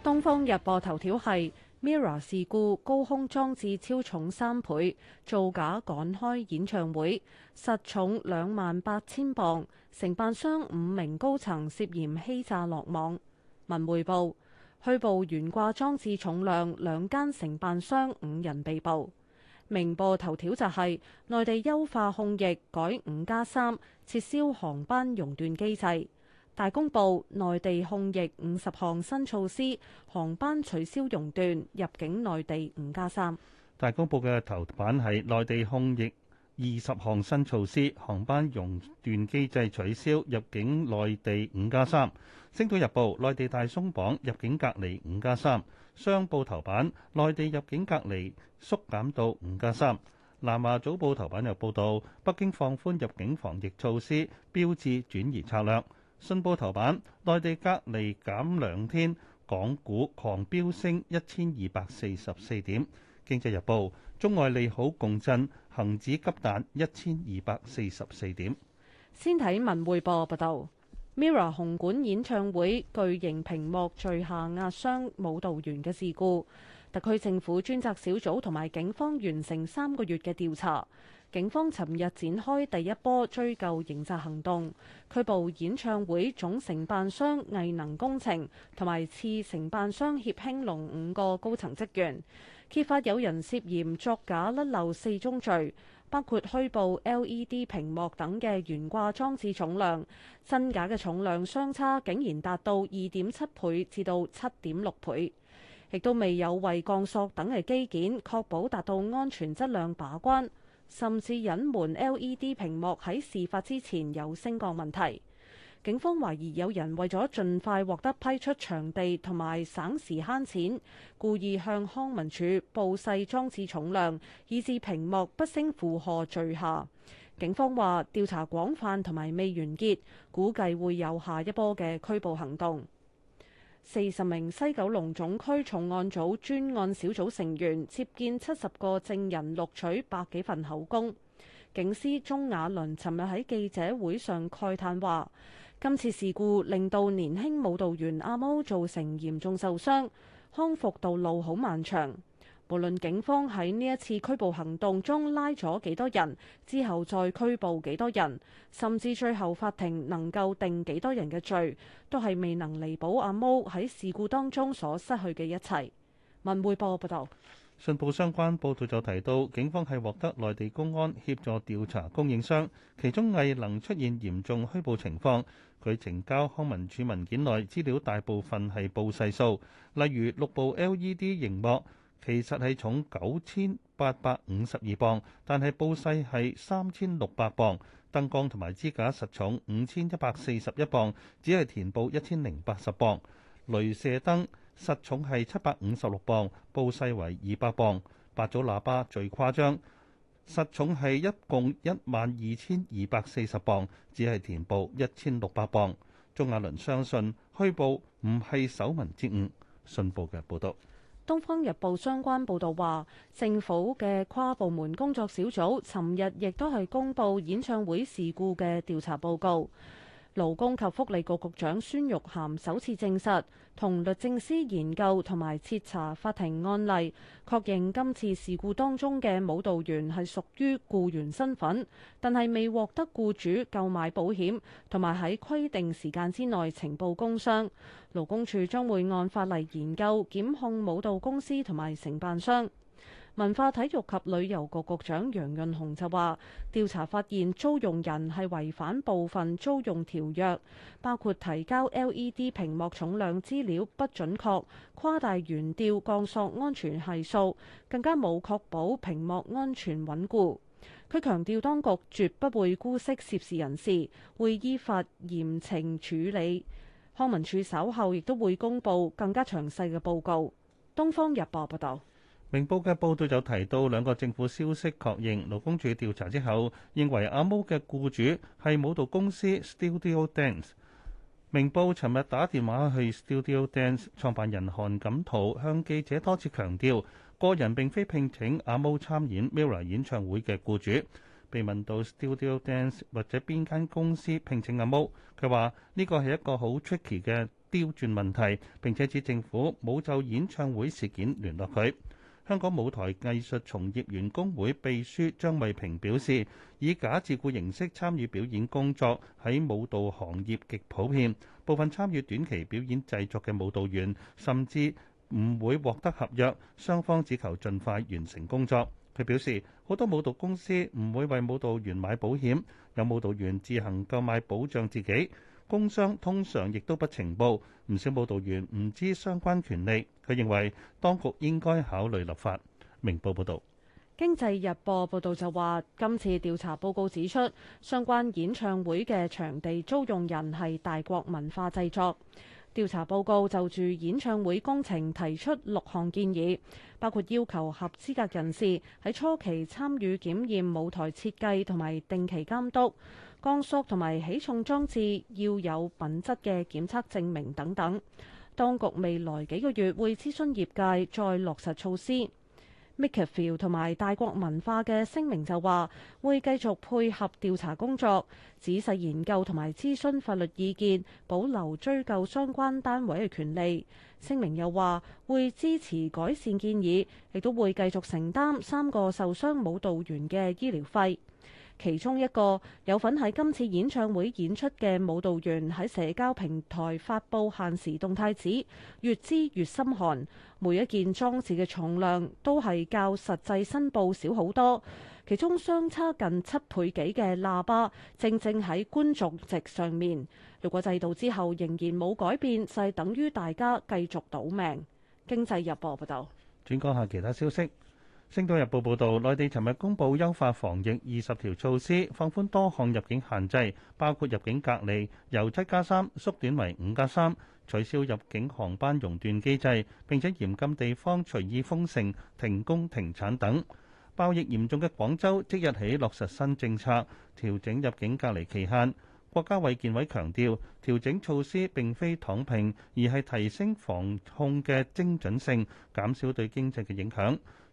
東方日報》頭條係。Mirror 事故高空裝置超重三倍，造假趕開演唱會，實重兩萬八千磅，承辦商五名高層涉嫌欺詐落網。文匯報虛報懸掛裝置重量，兩間承辦商五人被捕。明報頭條就係內地優化控疫改，改五加三，撤銷航班熔斷機制。大公報：內地控疫五十項新措施，航班取消熔斷，入境內地五加三。大公報嘅頭版係內地控疫二十項新措施，航班熔斷機制取消，入境內地五加三。星島日報：內地大鬆綁，入境隔離五加三。商報頭版：內地入境隔離縮減到五加三。南華早報頭版又報道，北京放寬入境防疫措施，標誌轉移策略。信報頭版：內地隔離減兩天，港股狂飆升一千二百四十四點。經濟日報：中外利好共振，恒指急彈一千二百四十四點。先睇文匯報報道：MIRROR 紅館演唱會巨型屏幕墜下壓傷舞蹈員嘅事故，特區政府專責小組同埋警方完成三個月嘅調查。警方尋日展開第一波追究刑責行動，拘捕演唱會總承辦商藝能工程同埋次承辦商協興隆五個高層職員，揭發有人涉嫌作假甩漏四宗罪，包括虛報 L.E.D 屏幕等嘅懸掛裝置重量，真假嘅重量相差竟然達到二點七倍至到七點六倍，亦都未有為鋼索等嘅機件確保達到安全質量把關。甚至隱瞞 LED 屏幕喺事發之前有升降問題。警方懷疑有人為咗盡快獲得批出場地同埋省時慳錢，故意向康文署報細裝置重量，以致屏幕不勝負荷墜下。警方話調查廣泛同埋未完結，估計會有下一波嘅拘捕行動。四十名西九龍總區重案組專案小組成員接見七十個證人，錄取百幾份口供。警司鍾雅倫尋日喺記者會上慨嘆話：「今次事故令到年輕舞蹈員阿毛造成嚴重受傷，康復道路好漫長。無論警方喺呢一次拘捕行動中拉咗幾多人，之後再拘捕幾多人，甚至最後法庭能夠定幾多人嘅罪，都係未能彌補阿毛喺事故當中所失去嘅一切。文匯報報道，信報相關報道就提到，警方係獲得內地公安協助調查供應商，其中藝能出現嚴重虛報情況，佢呈交康文署文件內資料，大部分係報細數，例如六部 LED 熒幕。其實係重九千八百五十二磅，但係報細係三千六百磅。燈光同埋支架實重五千一百四十一磅，只係填報一千零八十磅。雷射燈實重係七百五十六磅，報細為二百磅。八組喇叭最誇張，實重係一共一萬二千二百四十磅，只係填報一千六百磅。鍾亞倫相信虛報唔係手民之誤。信報嘅報導。《東方日報》相關報導話，政府嘅跨部門工作小組尋日亦都係公佈演唱會事故嘅調查報告。勞工及福利局局長孫玉涵首次證實，同律政司研究同埋徹查法庭案例，確認今次事故當中嘅舞蹈員係屬於僱員身份，但係未獲得僱主購買保險，同埋喺規定時間之內呈報工傷。勞工處將會按法例研究檢控舞蹈公司同埋承辦商。文化體育及旅遊局局長楊潤雄就話：調查發現租用人係違反部分租用條約，包括提交 LED 屏幕重量資料不準確、誇大懸吊降索安全係數，更加冇確保屏幕安全穩固。佢強調，當局絕不會姑息涉事人士，會依法嚴懲處理。康文署稍後亦都會公布更加詳細嘅報告。《東方日報》報道。明報嘅報道就提到，兩個政府消息確認，勞工處調查之後認為阿毛嘅僱主係舞蹈公司 Studio Dance。明報尋日打電話去 Studio Dance 創辦人韓錦圖，向記者多次強調，個人並非聘請阿毛參演 Mirror 演唱會嘅僱主。被問到 Studio Dance 或者邊間公司聘請阿毛，佢話呢個係一個好 tricky 嘅刁鑽問題。並且指政府冇就演唱會事件聯絡佢。香港舞台藝術從業員工會秘書張慧平表示，以假自雇形式參與表演工作，喺舞蹈行業極普遍，部分參與短期表演製作嘅舞蹈員甚至唔會獲得合約，雙方只求盡快完成工作。佢表示，好多舞蹈公司唔會為舞蹈員買保險，有舞蹈員自行購買保障自己。工商通常亦都不呈報，唔少報道員唔知相關權利。佢認為當局應該考慮立法。明報報導，《經濟日報》報導就話，今次調查報告指出，相關演唱會嘅場地租用人係大國文化製作。調查報告就住演唱會工程提出六項建議，包括要求合資格人士喺初期參與檢驗舞台設計同埋定期監督，鋼索同埋起重裝置要有品質嘅檢測證明等等。當局未來幾個月會諮詢業界，再落實措施。MakerVille 同埋大國文化嘅聲明就話，會繼續配合調查工作，仔細研究同埋諮詢法律意見，保留追究相關單位嘅權利。聲明又話，會支持改善建議，亦都會繼續承擔三個受傷舞蹈員嘅醫療費。其中一個有份喺今次演唱會演出嘅舞蹈員喺社交平台發布限時動態，指越知越心寒，每一件裝置嘅重量都係較實際申報少好多，其中相差近七倍幾嘅喇叭，正正喺觀眾席上面。如果制度之後仍然冇改變，就係等於大家繼續賭命。經濟日報報道。轉講下其他消息。《星島日報》報導，內地尋日公布優化防疫二十條措施，放寬多項入境限制，包括入境隔離由七加三縮短為五加三，3，取消入境航班熔斷機制，並且嚴禁地方隨意封城、停工、停產等。爆疫嚴重嘅廣州即日起落實新政策，調整入境隔離期限。國家衛健委強調，調整措施並非躺平，而係提升防控嘅精準性，減少對經濟嘅影響。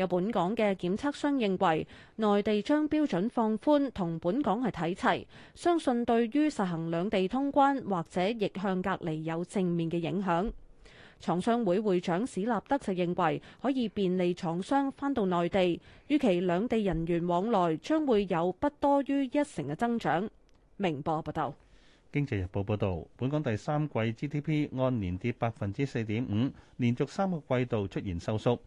有本港嘅檢測商認為，內地將標準放寬同本港係睇齊，相信對於實行兩地通關或者逆向隔離有正面嘅影響。廠商會會長史立德就認為，可以便利廠商返到內地，預期兩地人員往來將會有不多於一成嘅增長。明報報道，《經濟日報》報道，本港第三季 GDP 按年跌百分之四點五，連續三個季度出現收縮。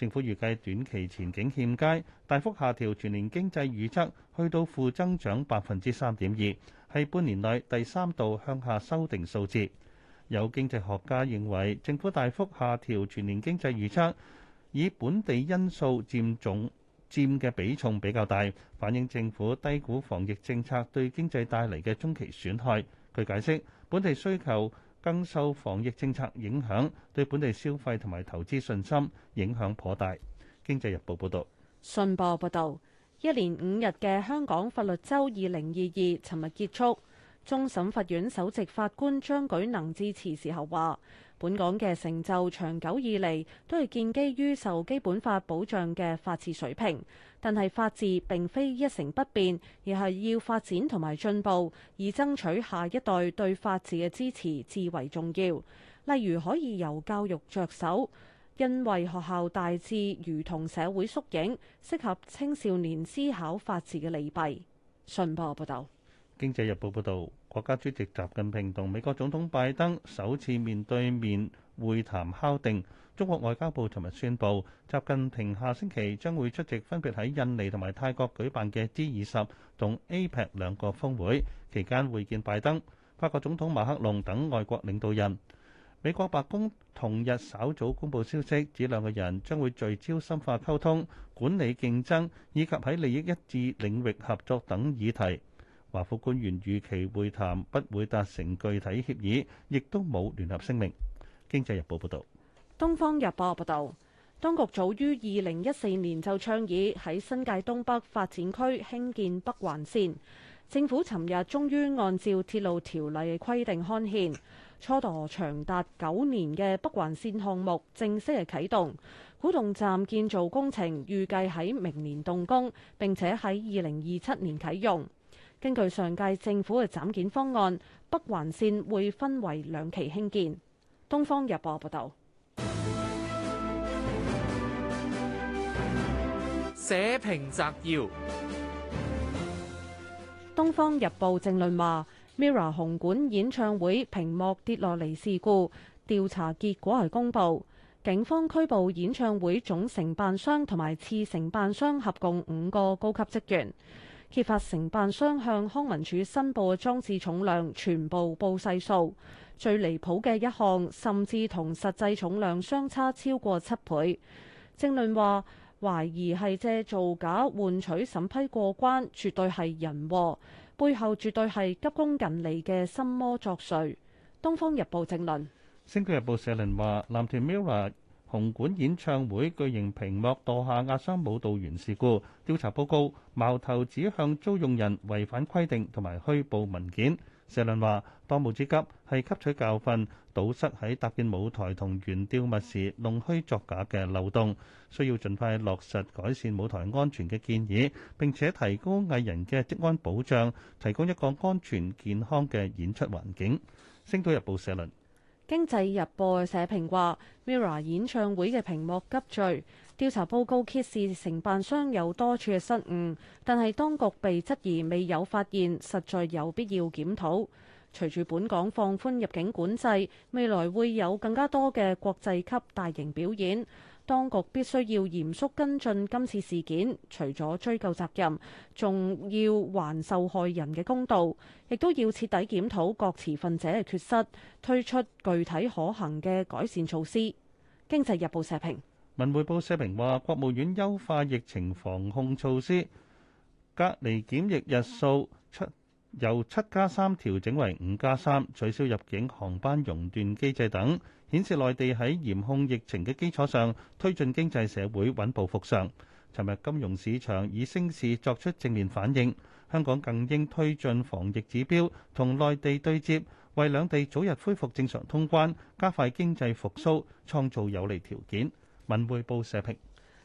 政府預計短期前景欠佳，大幅下調全年經濟預測，去到負增長百分之三點二，係半年內第三度向下修訂數字。有經濟學家認為，政府大幅下調全年經濟預測，以本地因素佔總佔嘅比重比較大，反映政府低估防疫政策對經濟帶嚟嘅中期損害。據解釋，本地需求更受防疫政策影響，對本地消費同埋投資信心影響頗大。經濟日報報導，信報報導，一連五日嘅香港法律周二零二二，尋日結束。終審法院首席法官張舉能致辭時候話，本港嘅成就長久以嚟都係建基於受基本法保障嘅法治水平，但係法治並非一成不變，而係要發展同埋進步，而爭取下一代對法治嘅支持至為重要。例如可以由教育着手，因為學校大致如同社會縮影，適合青少年思考法治嘅利弊。信報報道。《經濟日報》報導，國家主席習近平同美國總統拜登首次面對面會談，敲定。中國外交部尋日宣布，習近平下星期將會出席分別喺印尼同埋泰國舉辦嘅 G20 同 APEC 兩個峯會，期間會見拜登、法國總統馬克龍等外國領導人。美國白宮同日稍早公布消息，指兩個人將會聚焦深化溝通、管理競爭以及喺利益一致領域合作等議題。華府官員預期會談不會達成具體協議，亦都冇聯合聲明。經濟日報報道：東方日報報道，當局早於二零一四年就倡議喺新界東北發展區興建北環線。政府尋日終於按照鐵路條例規定刊憲，初度長達九年嘅北環線項目正式係啟動。古洞站建造工程預計喺明年動工，並且喺二零二七年啟用。根據上屆政府嘅斬件方案，北環線會分為兩期興建。東方日報報導。社評摘要。東方日報正論話，MIRROR 紅館演唱會屏幕跌落嚟事故調查結果係公布，警方拘捕演唱會總承辦商同埋次承辦商合共五個高級職員。揭發承辦商向康文署申報嘅裝置重量，全部報細數，最離譜嘅一項甚至同實際重量相差超過七倍。正論話懷疑係借造假換取審批過關，絕對係人禍，背後絕對係急功近利嘅心魔作祟。《東方日報》正論，《星島日報》社論話藍田 MIRROR。紅館演唱會巨型屏幕墮下壓傷舞蹈員事故調查報告，矛頭指向租用人違反規定同埋虛報文件。社論話：當務之急係吸取教訓，堵塞喺搭建舞台同懸吊物時弄虛作假嘅漏洞，需要盡快落實改善舞台安全嘅建議，並且提高藝人嘅職安保障，提供一個安全健康嘅演出環境。星島日報社論。經濟日報社評話：Mirror 演唱會嘅屏幕急墜，調查報告揭示承辦商有多處嘅失誤，但係當局被質疑未有發現，實在有必要檢討。隨住本港放寬入境管制，未來會有更加多嘅國際級大型表演。當局必須要嚴肅跟進今次事件，除咗追究責任，仲要還受害人嘅公道，亦都要徹底檢討各持份者嘅缺失，推出具體可行嘅改善措施。經濟日報社評。文匯報社評話，國務院優化疫情防控措施，隔離檢疫日數出由七加三調整為五加三，3，取消入境航班熔斷機制等。顯示內地喺嚴控疫情嘅基礎上，推進經濟社會穩步復上。尋日金融市場以升市作出正面反應，香港更應推進防疫指標同內地對接，為兩地早日恢復正常通關、加快經濟復甦創造有利條件。文匯報社評。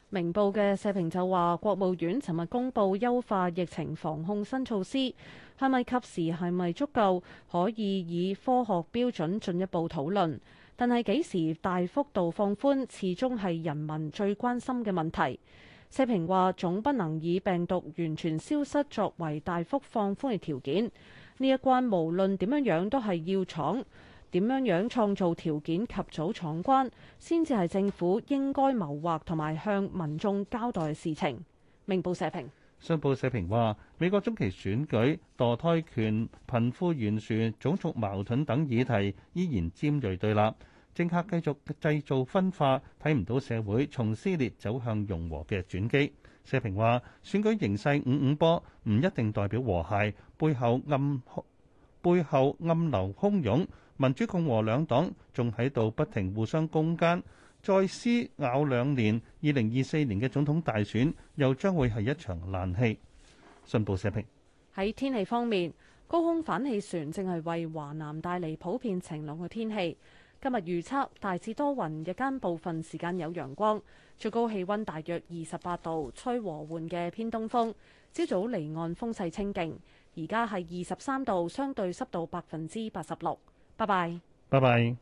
明報嘅社評就話，國務院尋日公布優化疫情防控新措施，係咪及時？係咪足夠？可以以科學標準進一步討論。但係幾時大幅度放寬，始終係人民最關心嘅問題。社評話：總不能以病毒完全消失作為大幅放寬嘅條件。呢一關無論點樣樣都係要闖，點樣樣創造條件及早闖關，先至係政府應該謀劃同埋向民眾交代嘅事情。明報社評。《商報》社評話：美國中期選舉、墮胎權、貧富懸殊、種族矛盾等議題依然尖鋭對立，政客繼續製造分化，睇唔到社會從撕裂走向融和嘅轉機。社評話：選舉形勢五五波，唔一定代表和諧，背後暗背後暗流洶湧，民主共和兩黨仲喺度不停互相攻訐。再撕咬兩年，二零二四年嘅總統大選又將會係一場爛戲。信報社評。喺天氣方面，高空反氣旋正係為華南帶嚟普遍晴朗嘅天氣。今日預測大致多雲，日間部分時間有陽光，最高氣温大約二十八度，吹和緩嘅偏東風。朝早離岸風勢清勁，而家係二十三度，相對濕度百分之八十六。拜拜。拜拜。